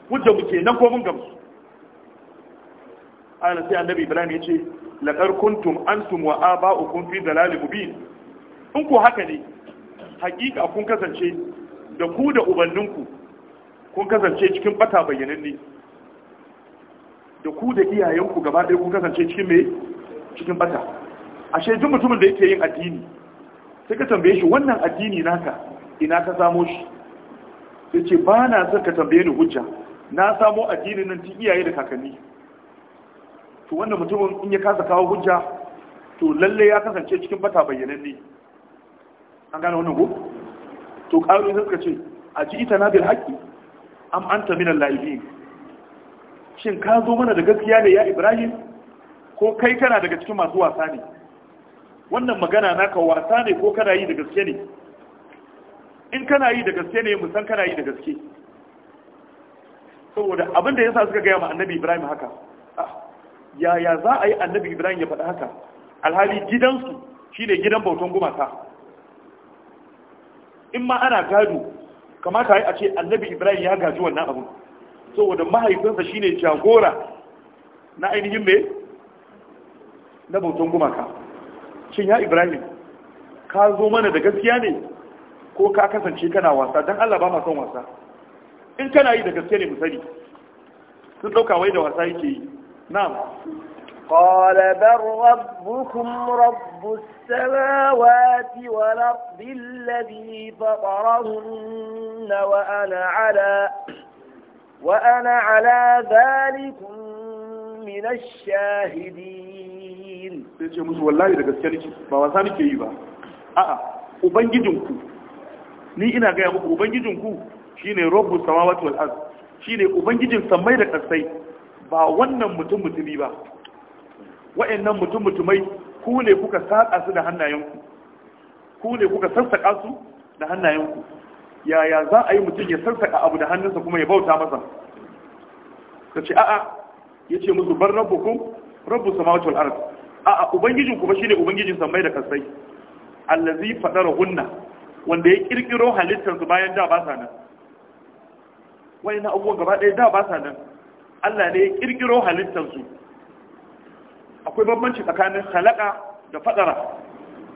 hujjanmu ke nan ko mun gamsu ala sai annabi ibrahim ya ce laƙar kuntum antum wa ukun fi dalali mubin in ku haka ne hakika kun kasance da ku da ubanninku kun kasance cikin bata ne, da ku da iyayenku gaba ɗaya kun kasance cikin mai cikin bata ashe duk mutumin da yake yin addini sai ka tambaye shi wannan addini naka ina ka samo shi sai ce ba na son ka tambaye ni hujja na samo addinin nan tun iyaye da kakanni to wannan mutumin in ya kasa kawo hujja to lalle ya kasance cikin bata ne. an gane wannan ko to ƙaru sai suka ce a ji ita na bil haƙƙi am anta min al-laibin shin ka zo mana da gaskiya ne ya Ibrahim ko kai kana daga cikin masu wasa ne wannan magana naka wasa ne ko kana yi da gaske ne in kana yi da gaske ne mu san kana yi da gaske saboda abin da yasa suka gaya ma annabi Ibrahim haka ah, yaya za a yi annabi ibrahim ya faɗi haka alhali gidansu shine gidan bautan gumaka in ma ana gado kamata a ce annabi ibrahim ya gaji wannan abu saboda mahaifinsa shine jagora na ainihin mai na bautan gumaka shin ya ibrahim ka zo mana da gaskiya ne ko ka kasance kana wasa don allah ba son wasa in kana yi da gaskiya ne mu sani sun ɗauka wai da wasa yake yi نعم قال بل ربكم رب السماوات والأرض الذي فطرهن وأنا على وأنا على ذلك من الشاهدين sai ce musu wallahi da gaske nake ba wasa nake yi ba a'a ubangijinku ni ina gaya muku ubangijinku shine rabbus samawati wal ard shine ubangijin samai da kasai ba wannan mutum mutumi ba wa'annan mutum mutumai ku ne kuka saƙa su da hannayenku ku ne kuka sassaƙa su da hannayenku yaya za a yi mutum ya sassaƙa abu da hannunsa kuma ya bauta masa ka ce a'a ya ce musu bar rabbukum rabbu samawati wal ard a'a ubangijin ku ba ne ubangijin sammai da kasai allazi fadara hunna wanda ya kirkiro halittarsu bayan da ba sa nan na abubuwan gaba ɗaya da ba sa nan Allah ne ya kirkiro halittarsu akwai bambanci tsakanin halaka da fadara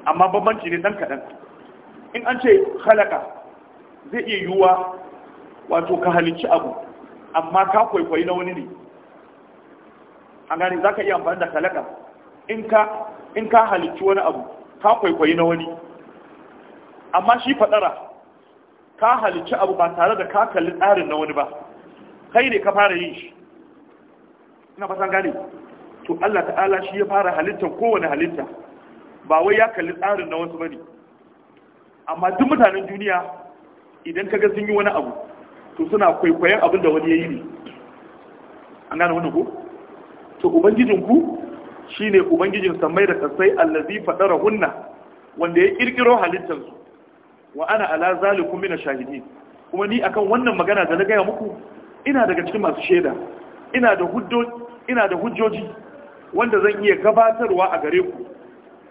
amma bambanci ne dan kaɗan in an ce halaka zai iya yiwuwa wato ka halicci abu amma ka kwaikwayi na wani ne an gane za ka iya amfani da halaka in ka halicci wani abu ka kwaikwayi na wani amma shi fadara ka halicci abu ba tare da ka kalli tsarin na wani ba kai ne ka fara yin shi ina fatan gane to Allah ta'ala shi ya fara halittar kowane halitta ba wai ya kalli tsarin na wasu bane amma duk mutanen duniya idan ga sun yi wani abu to suna kwaikwayon abin da wani ya yi ne an gane wannan ko to ubangijin ku shine ubangijin samai da kasai allazi fadara hunna wanda ya kirkiro halittar su wa ana ala zalikum min ashahidin kuma ni akan wannan magana da na gaya muku ina daga cikin masu shaida ina da huddo ina da hujjoji wanda zan iya gabatarwa a gare ku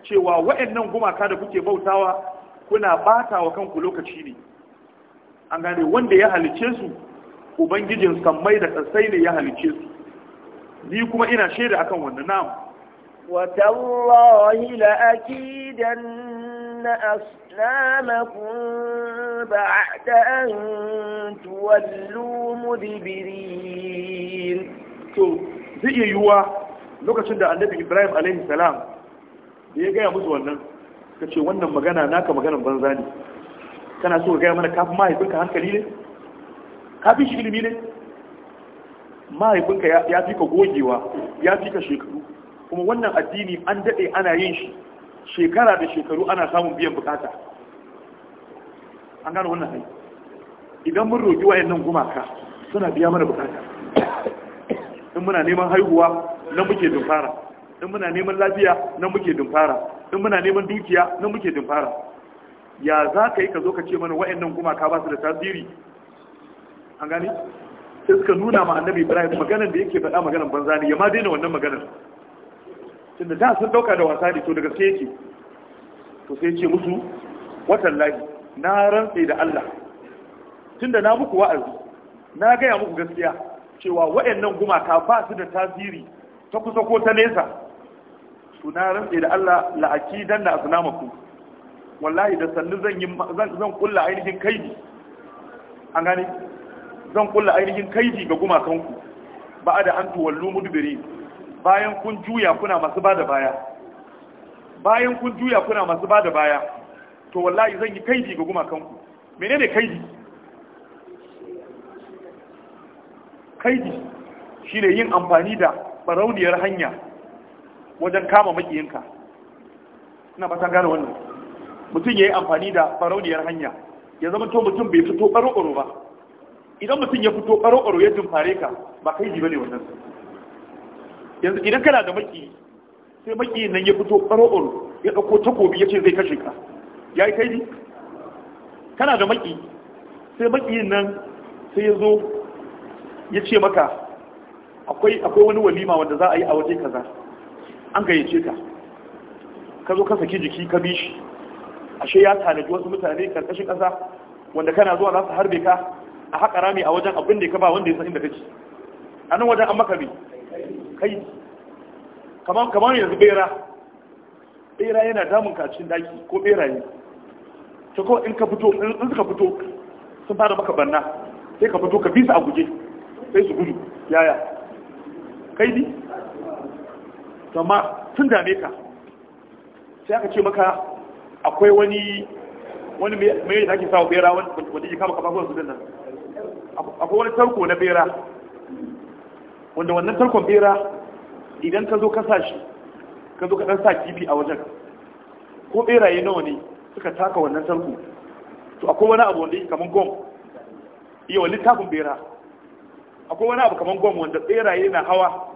cewa waɗannan gumaka da kuke bautawa kuna batawa kanku lokaci ne an gane wanda ya halice su ubangijin sammai da ƙasai ne ya halice su ni kuma ina shaida akan wannan na'am watallahi la'akidanna ba'da an tuwallu تولوا to zai iya yiwuwa lokacin da annabi ibrahim alaihi salam da ya gaya musu wannan ka ce wannan magana naka maganar banza ne kana so ka gaya mana kafin mahaifinka hankali ne kafin shi ilimi ne mahaifinka ya fi ka gogewa ya fi ka shekaru kuma wannan addini an daɗe ana yin shi shekara da shekaru ana samun biyan bukata an gano wannan hai idan mun roƙi wayannan gumaka suna biya mana bukata in muna neman haihuwa nan muke dumfara in muna neman lafiya nan muke dumfara in muna neman dukiya nan muke dumfara ya za ka yi ka zo ka ce mana wa'annan gumaka ba su da tasiri an gani sai suka nuna ma annabi ibrahim maganar da yake faɗa maganar banza ne ya ma daina wannan maganar tunda da sun dauka da wasa ne to da gaske yake to sai ce musu watan lahi na rantse da allah tunda na muku wa'azi na gaya muku gaskiya cewa waɗannan gumaka ba su da tasiri ta kusa ko ta nesa suna rantse da Allah la'aki dan da asnamaku wallahi da sannu zan yi zan kulla ainihin kaidi an gane zan kulla ainihin kaidi ga gumakanku ba da an tuwallu mudbiri bayan kun juya kuna masu bada baya bayan kun juya kuna masu bada baya to wallahi zan yi kaidi ga ku. menene kaidi kaidi shine yin amfani da barauniyar hanya wajen kama makiyinka ina fatan gane wannan mutum ya yi amfani da barauniyar hanya ya zama to mutum bai fito ɓaro-ɓaro ba idan mutum ya fito ɓaro-ɓaro ya jimfare ka ba kaidi ba ne wannan yanzu idan kana da maki sai maki nan ya fito ɓaro-ɓaro ya ɗauko takobi ya ce zai kashe ka ya yi ji kana da maki sai maki nan sai ya zo ya ce maka akwai wani walima wanda za a yi a waje kaza an gayyace ka ka zo ka saki jiki ka bi shi ashe ya tanaji wasu mutane karkashin ƙasa wanda kana zuwa za su harbe ka a haƙa rami a wajen abin da ka ba wanda ya san inda kake a nan wajen an maka bi kai kamar yanzu bera bera yana damun ka cikin daki ko beraye Ta kawai in ka fito in suka fito sun fara maka banna sai ka fito ka bisa a guje sai su gudu yaya kai bi? amma sun dame ka sai aka ce maka akwai wani wani mai da ake sawa bera wanda ya kama kafafuwan su nan akwai wani tarko na bera wanda wannan tarkon bera idan ka zo ka sa shi ka zo ka sa kifi a wajen ko beraye nawa ne suka taka wannan tarko to akwai wani abu wanda yake kamar gom iya wani takun bera akwai wani abu kamar gwam wanda tseraye na hawa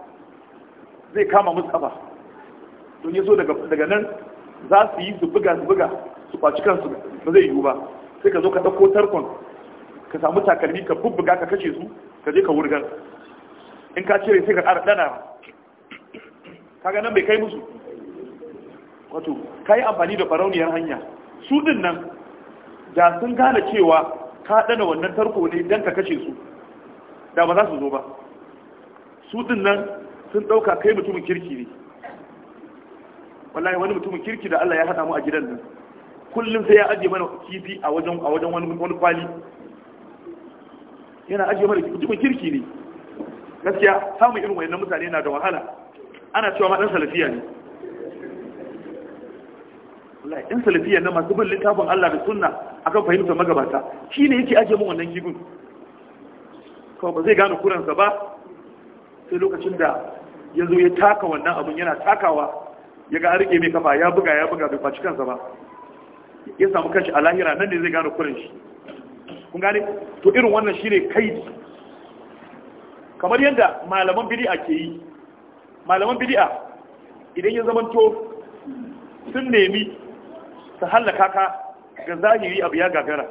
zai kama musu kafa to ya daga nan za su yi su buga su buga su kwaci kansu ba zai yiwu ba sai ka zo ka ɗauko tarkon ka samu takalmi ka bubuga ka kashe su ka je ka wurgar in ka cire sai ka ƙara Ka ga nan bai kai musu wato ka yi amfani da farauniyar hanya su din nan da sun gane cewa ka ɗana wannan tarko ne don ka kashe su da ba za su zo ba su din nan sun ɗauka kai mutumin kirki ne wallahi wani mutumin kirki da Allah ya haɗa mu a gidan nan kullum sai ya ajiye mana kifi a wajen a wajen wani wani kwali yana ajiye mana mutumin kirki ne gaskiya samun irin wayannan mutane na da wahala ana cewa ma dan salafiya ne wallahi dan salafiya na masu bin littafin Allah da sunna akan fahimtar magabata shine yake ajiye mun wannan kifin kuma ba zai gane kuransa ba sai lokacin da ya zo ya taka wannan abun yana takawa ya ga rike mai kafa ya buga ya buga bai faci kansa ba ya samu kanshi a lahira nan ne zai gane kuran shi kun gane to irin wannan shine kaidi kamar yadda malaman bid'a ke yi malaman bidi'a idan ya zamanto sun nemi su hallaka ka ga zahiri abu ya gagara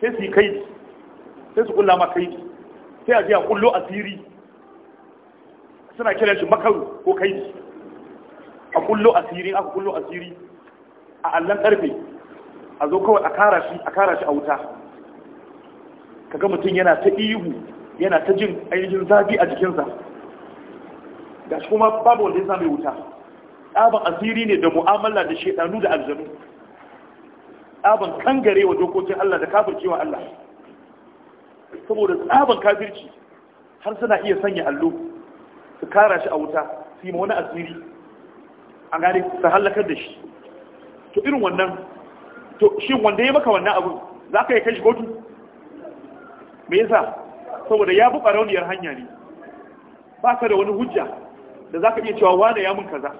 sai su yi kaidi sai su kulla ma kaidi sai a ji a kullo asiri suna kiran shi makaru ko kai a kullo asiri aka kullo asiri a allon karfe a zo kawai a kara shi a kara shi a wuta kaga mutum yana ta ihu yana ta jin ainihin zafi a jikinsa ga shi kuma babu wanda ya sami wuta ɗaban asiri ne da mu'amala da shaidanu da aljanu ɗaban kangare wa dokokin Allah da kafircewa Allah saboda tsaban kafirci har suna iya sanya allo su kara shi a wuta su yi wani asiri a gane su hallakar da shi to irin wannan to shi wanda ya maka wannan abu za ka yi kai shi kotu me yasa saboda ya buɓa rauniyar hanya ne ba ka da wani hujja da za ka iya cewa wane ya mun kaza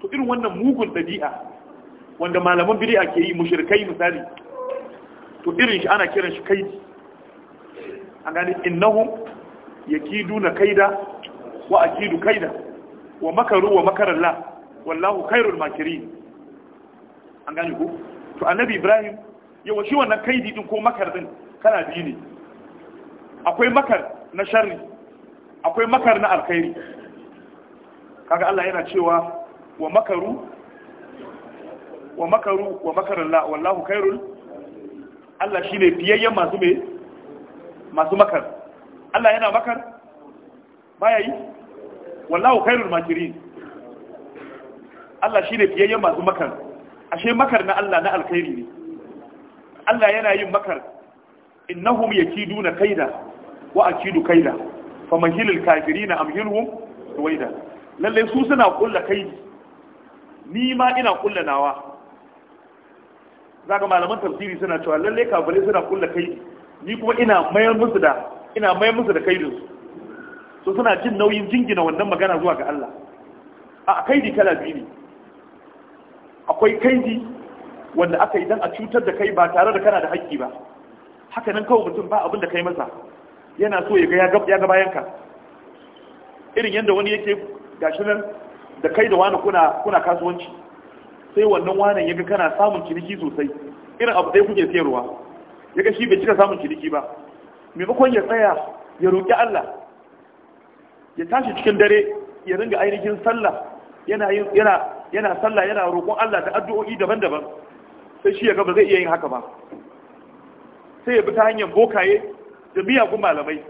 to irin wannan mugun ɗabi'a wanda malaman a ke yi mushirkai misali to irin shi ana kiran shi kai an gane innahum na kaida wa akidu kaida wa makaru wa makarallah wallahu khairul makirin an gani ku to annabi ibrahim yawa shi wannan kaidi din ko makar din kana biyu ne akwai makar na sharri akwai makar na alkhairi kaga Allah yana cewa wa makaru wa makaru wa makarallah wallahu khairul Allah shine fiyayyen masu mai masu makar Allah yana makar Ba ya yi wallahu khairul makirin Allah shi ne fiyayyen masu makar ashe makar na Allah na alkhairi ne Allah yana yin makar innahum yakiduna kaida wa akidu kaida famahilil kafirina amhilhum ruwaida lalle su suna kulla kaidi ni ma ina kulla nawa zaka malaman tafsiri suna cewa lalle kafirai suna kulla kaidi ni kuma ina mayar musu da ina mayar musu da so suna jin nauyin jingina wannan magana zuwa ga Allah a kaidi kala biyu akwai kaidi wanda aka yi dan a cutar da kai ba tare da kana da haƙƙi ba haka nan kawai mutum ba abin da kai masa yana so ya ga ya ga irin yadda wani yake gashi nan da kai da wani kuna kuna kasuwanci sai wannan wani ya ga kana samun ciniki sosai irin abu sai kuke sayarwa ya ga shi bai cika samun ciniki ba mai maimakon ya tsaya ya roƙi Allah ya tashi cikin dare ya ringa ainihin sallah yana yana sallah yana roƙon Allah da addu'o'i daban-daban sai shi ya ga ba zai iya yin haka ba sai ya bi ta hanyar bokaye da miyagun malamai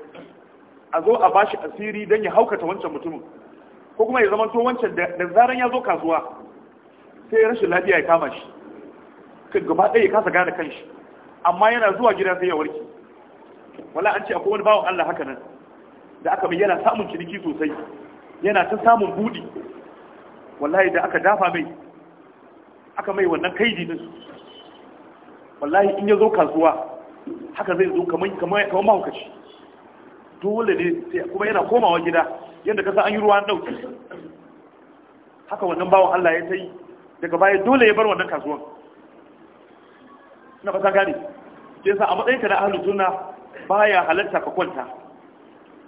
a zo a bashi asiri don ya haukata wancan mutumin ko kuma ya zama to wancan da zaran ya zo kasuwa sai rashin lafiya ya kama shi gaba ɗaya ya kasa gane kanshi amma yana zuwa gida sai ya warke wala an ce akwai wani bawon Allah haka nan da aka mai yana samun ciniki sosai yana ta samun budi wallahi da aka dafa mai aka mai wannan kaidi din wallahi in ya zo kasuwa haka zai zo kamar kamar kamar mahaukaci dole ne sai kuma yana komawa gida yadda ka san an yi ruwa an dauke haka wannan bawon Allah ya tai daga baya dole ya bar wannan kasuwan na fata gane ke sa a matsayinka na ahlus ba baya halatta ka kwanta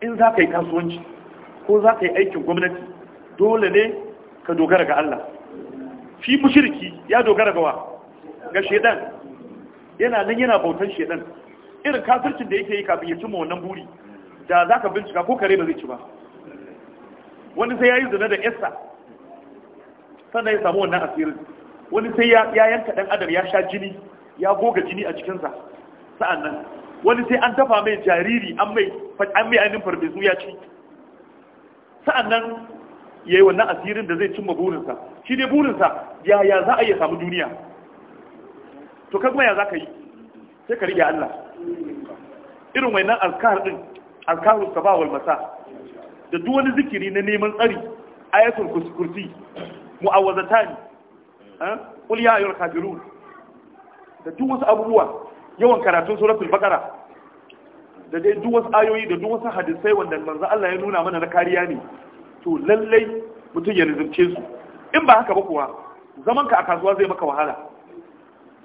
in za ka yi kasuwanci ko za ka yi aikin gwamnati dole ne ka dogara ga Allah fi mushirki ya dogara ga wa ga shedan yana nan yana bautan shedan irin kafircin da yake yi kafin ya cimma wannan buri da za ka bincika ko kare ba zai ci ba wani sai ya yi zina da yasa sannan ya samu wannan asirin wani sai ya yanka dan adam ya sha jini ya goga jini a cikinsa sa'an nan wani sai an dafa mai jariri an mai ainihin farfesu ya ci sa'an nan ya yi wannan asirin da zai cimma burinsa shi ne burinsa yaya za a iya samu duniya to kagma ya za ka yi sai ka riga Allah irin wannan alkahar din alkaharun ba wal masa da duk wani zikiri na neman tsari ayatul kursi mu'awwazatani eh? qul ya ayyuhal kafirun da duk wasu abubuwa yawan karatun suratul baqara da dai duk wasu ayoyi da duk wasu hadisai wanda manzo Allah ya nuna mana na kariya ne to lallai mutum ya rizumce su in ba haka ba kuwa zaman ka a kasuwa zai maka wahala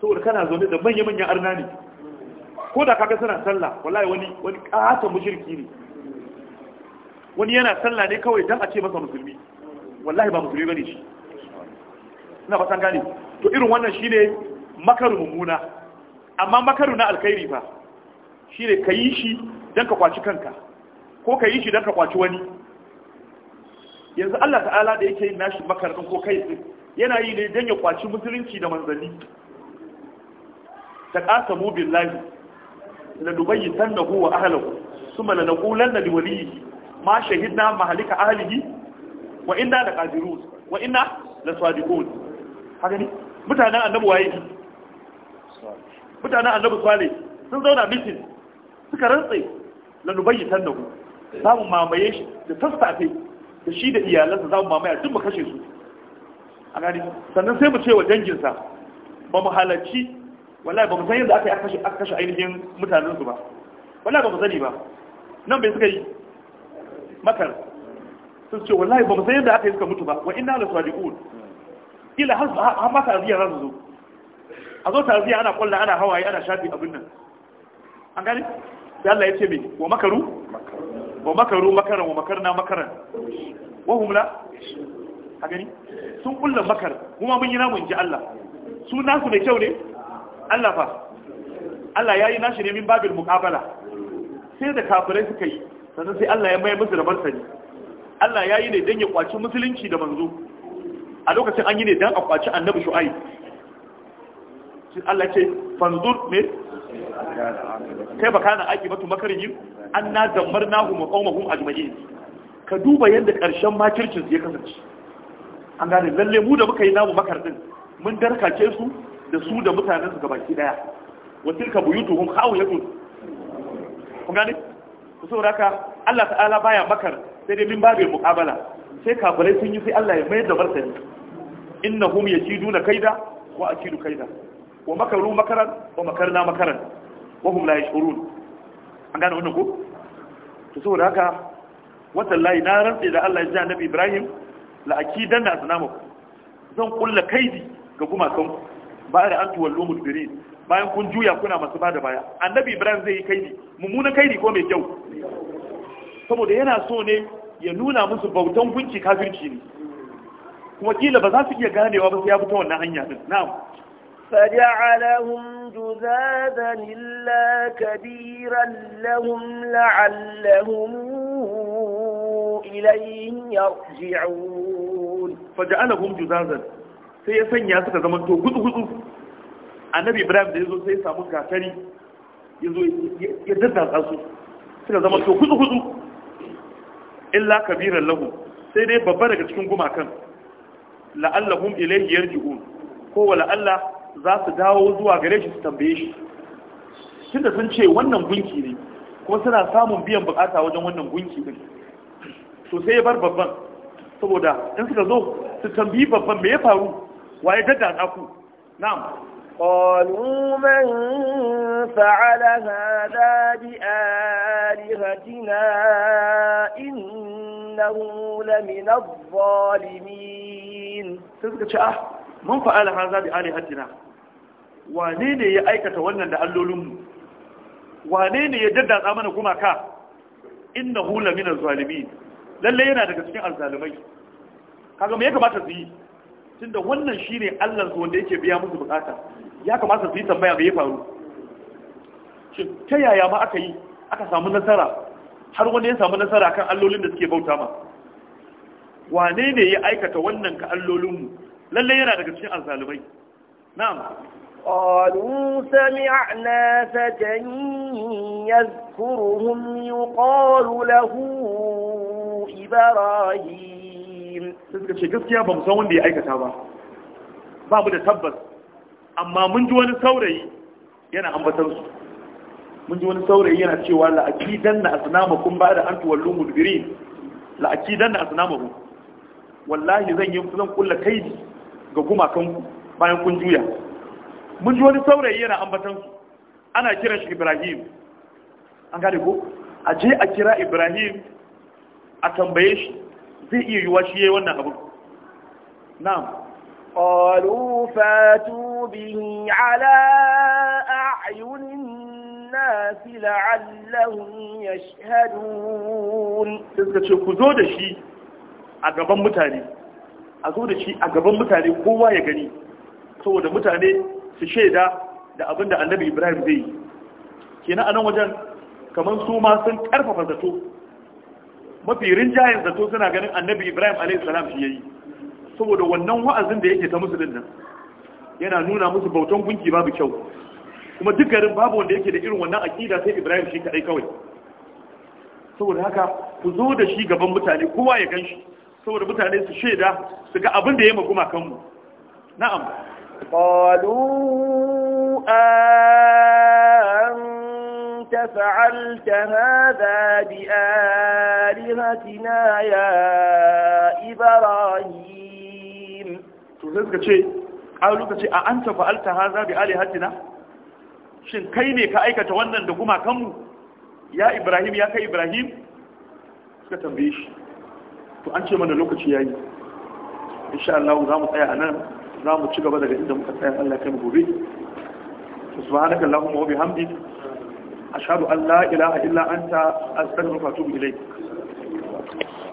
saboda kana zaune da manya manyan arna ne ko da kaga suna sallah wallahi wani wani kata mushriki ne wani yana sallah ne kawai dan a ce masa musulmi wallahi ba musulmi bane shi ina ba san gane to irin wannan shine makaru mummuna amma makaru na alkhairi fa shi ne ka yi shi don ka kwaci kanka ko ka yi shi don ka kwaci wani yanzu Allah ta'ala da yake yin nashi makarin ko kai din yana yi ne don ya kwaci musulunci da manzanni ta ƙasa mu billahi la dubayyi sannahu wa ahlahu thumma la naqulanna li waliyyi ma shahidna mahalika ahlihi wa inna ƙadiru, wa inna la sadiqun haka ne mutanen annabi waye mutanen annabi salih sun zauna mitin suka rantse tan da ku za mu mamaye shi da tasfafe da shi da iyalansa za mu mamaye duk mu kashe su a gani sannan sai mu ce wa danginsa ba mu halarci wallahi ba mu san yadda aka yi kashe aka kashe ainihin mutanen su ba wallahi ba mu sani ba nan bai suka yi makar sun ce wallahi ba mu san yadda aka yi suka mutu ba wa inna la sadiqun ila har har maka aziyar zuwa a zo zai ana kwallo ana hawaye ana shafi abin nan an gani sai Allah ya ce mai wa makaru wa makaru makaran wa makarna makaran wa humla a gani sun kullum makar kuma mun yi namun ji Allah su nasu mai kyau ne Allah fa Allah ya yi nashi ne min babin muƙabala sai da kafirai suka yi sannan sai Allah ya mai musu da martani Allah ya yi ne don ya kwaci musulunci da manzo a lokacin an yi ne don a kwaci annabi shu'ai Allah ce fanzur me kai baka na aki batu yi an na zammar na hu kauma hum ka duba yadda karshen makircin ya kasance an gane lalle mu da muka yi namu din mun darkace su da su da mutanen su gabaki daya wa tilka buyutuhum khawiyatun kun gane ku saboda Allah ta'ala baya makar sai dai min babu muqabala sai kafirai sun yi sai Allah ya mayar da martani innahum yajiduna kaida wa akidu kaida wa makaru makaran wa makarna makaran wa hum la yashurun an gane wannan ko to saboda haka watan layi na rantse da Allah ya ji annabi Ibrahim la akidan da asnamu zan kulla kaidi ga gumakan ba da an tuwallo mudbirin bayan kun juya kuna masu bada baya annabi Ibrahim zai yi kaidi mummunan kaidi ko mai kyau saboda yana so ne ya nuna musu bautan gunki kafirci ne kuma kila ba za su iya ganewa ba sai ya fito wannan hanya din na'am فجعلهم جذاذا إلا كبيرا لهم لعلهم إليه يرجعون فجعلهم جذاذا sai ya sanya suka zama to gudu-gudu ibrahim da ya zo sai ya samu ya zo ya daddatsa su suka zama to gudu-gudu illa sai dai babba daga cikin gumakan la'allahum ilaihi yarji'un la'alla za su dawo zuwa gare shi su tambaye shi tunda sun ce wannan gunki ne kuma suna samun biyan bukata wajen wannan gunki ne. to sai ya bar babban saboda in suka zo su tambayi babban me ya faru waye daga naku na'am قالوا من فعل هذا بآلهتنا إنه لمن الظالمين Mun fa'ala haza bi alihatina wane ne ya aikata wannan da allolinmu wane ne ya kuma mana inda hula minar zalimi lalle yana daga cikin alzalimai kaga mai ya kamata su yi tunda wannan shine ne allansu wanda yake biya musu bukata ya kamata su yi tambaya mai ya faru shin ta yaya ma aka yi aka samu nasara har wanda ya samu nasara kan allolin da suke bauta ma wane ne ya aikata wannan ka allolinmu Lallai yana daga cikin azzalumai na'am قالوا سمعنا فتى يذكرهم يقال له إبراهيم suka ce gaskiya ba san wanda ya aikata ba ba mu da tabbas amma mun ji wani saurayi yana ambatar mun ji wani saurayi yana cewa la'akidan na asnamakum ba da antu wallu mudbirin la'akidan wallahi zan yi kaidi ga gumakan bayan kun juya mun ji wani saurayi yana ambatansu. su ana kiran shi ibrahim an gane ko a je a kira ibrahim a tambaye shi zai iya yiwa shi yi wannan abu na'am qalu fatu bihi ala a'yunin الناس لعلهم يشهدون suka ce ku zo da shi a gaban mutane a zo da shi a gaban mutane kowa ya gani saboda mutane su shaida da abin da annabi ibrahim zai yi kenan a nan wajen kamar su ma sun karfafa zato mafi rinjayen zato suna ganin annabi ibrahim alaihissalam shi ya yi saboda wannan wa'azin da yake ta musu nan yana nuna musu bautan gunki babu kyau kuma duk garin babu wanda yake da irin wannan aƙida sai ibrahim shi kaɗai kawai saboda haka ku zo da shi gaban mutane kowa ya gan shi saboda mutane su shaida su ga abin da ya ma gumakanmu na'am an ta fa'alta bi ya ibrahim to suka ce a ce a ta fa'alta hadha bi alihatina shin kai ne ka aikata wannan da gumakanmu ya ibrahim ya kai ibrahim suka tambaye shi to an ce mana lokaci ya yi insha Allah za mu tsaya a nan za mu ci gaba daga inda muka tsaya Allah kai mu gobe subhanaka allahumma wa bihamdik ashhadu an la ilaha illa anta astaghfiruka wa atubu ilayk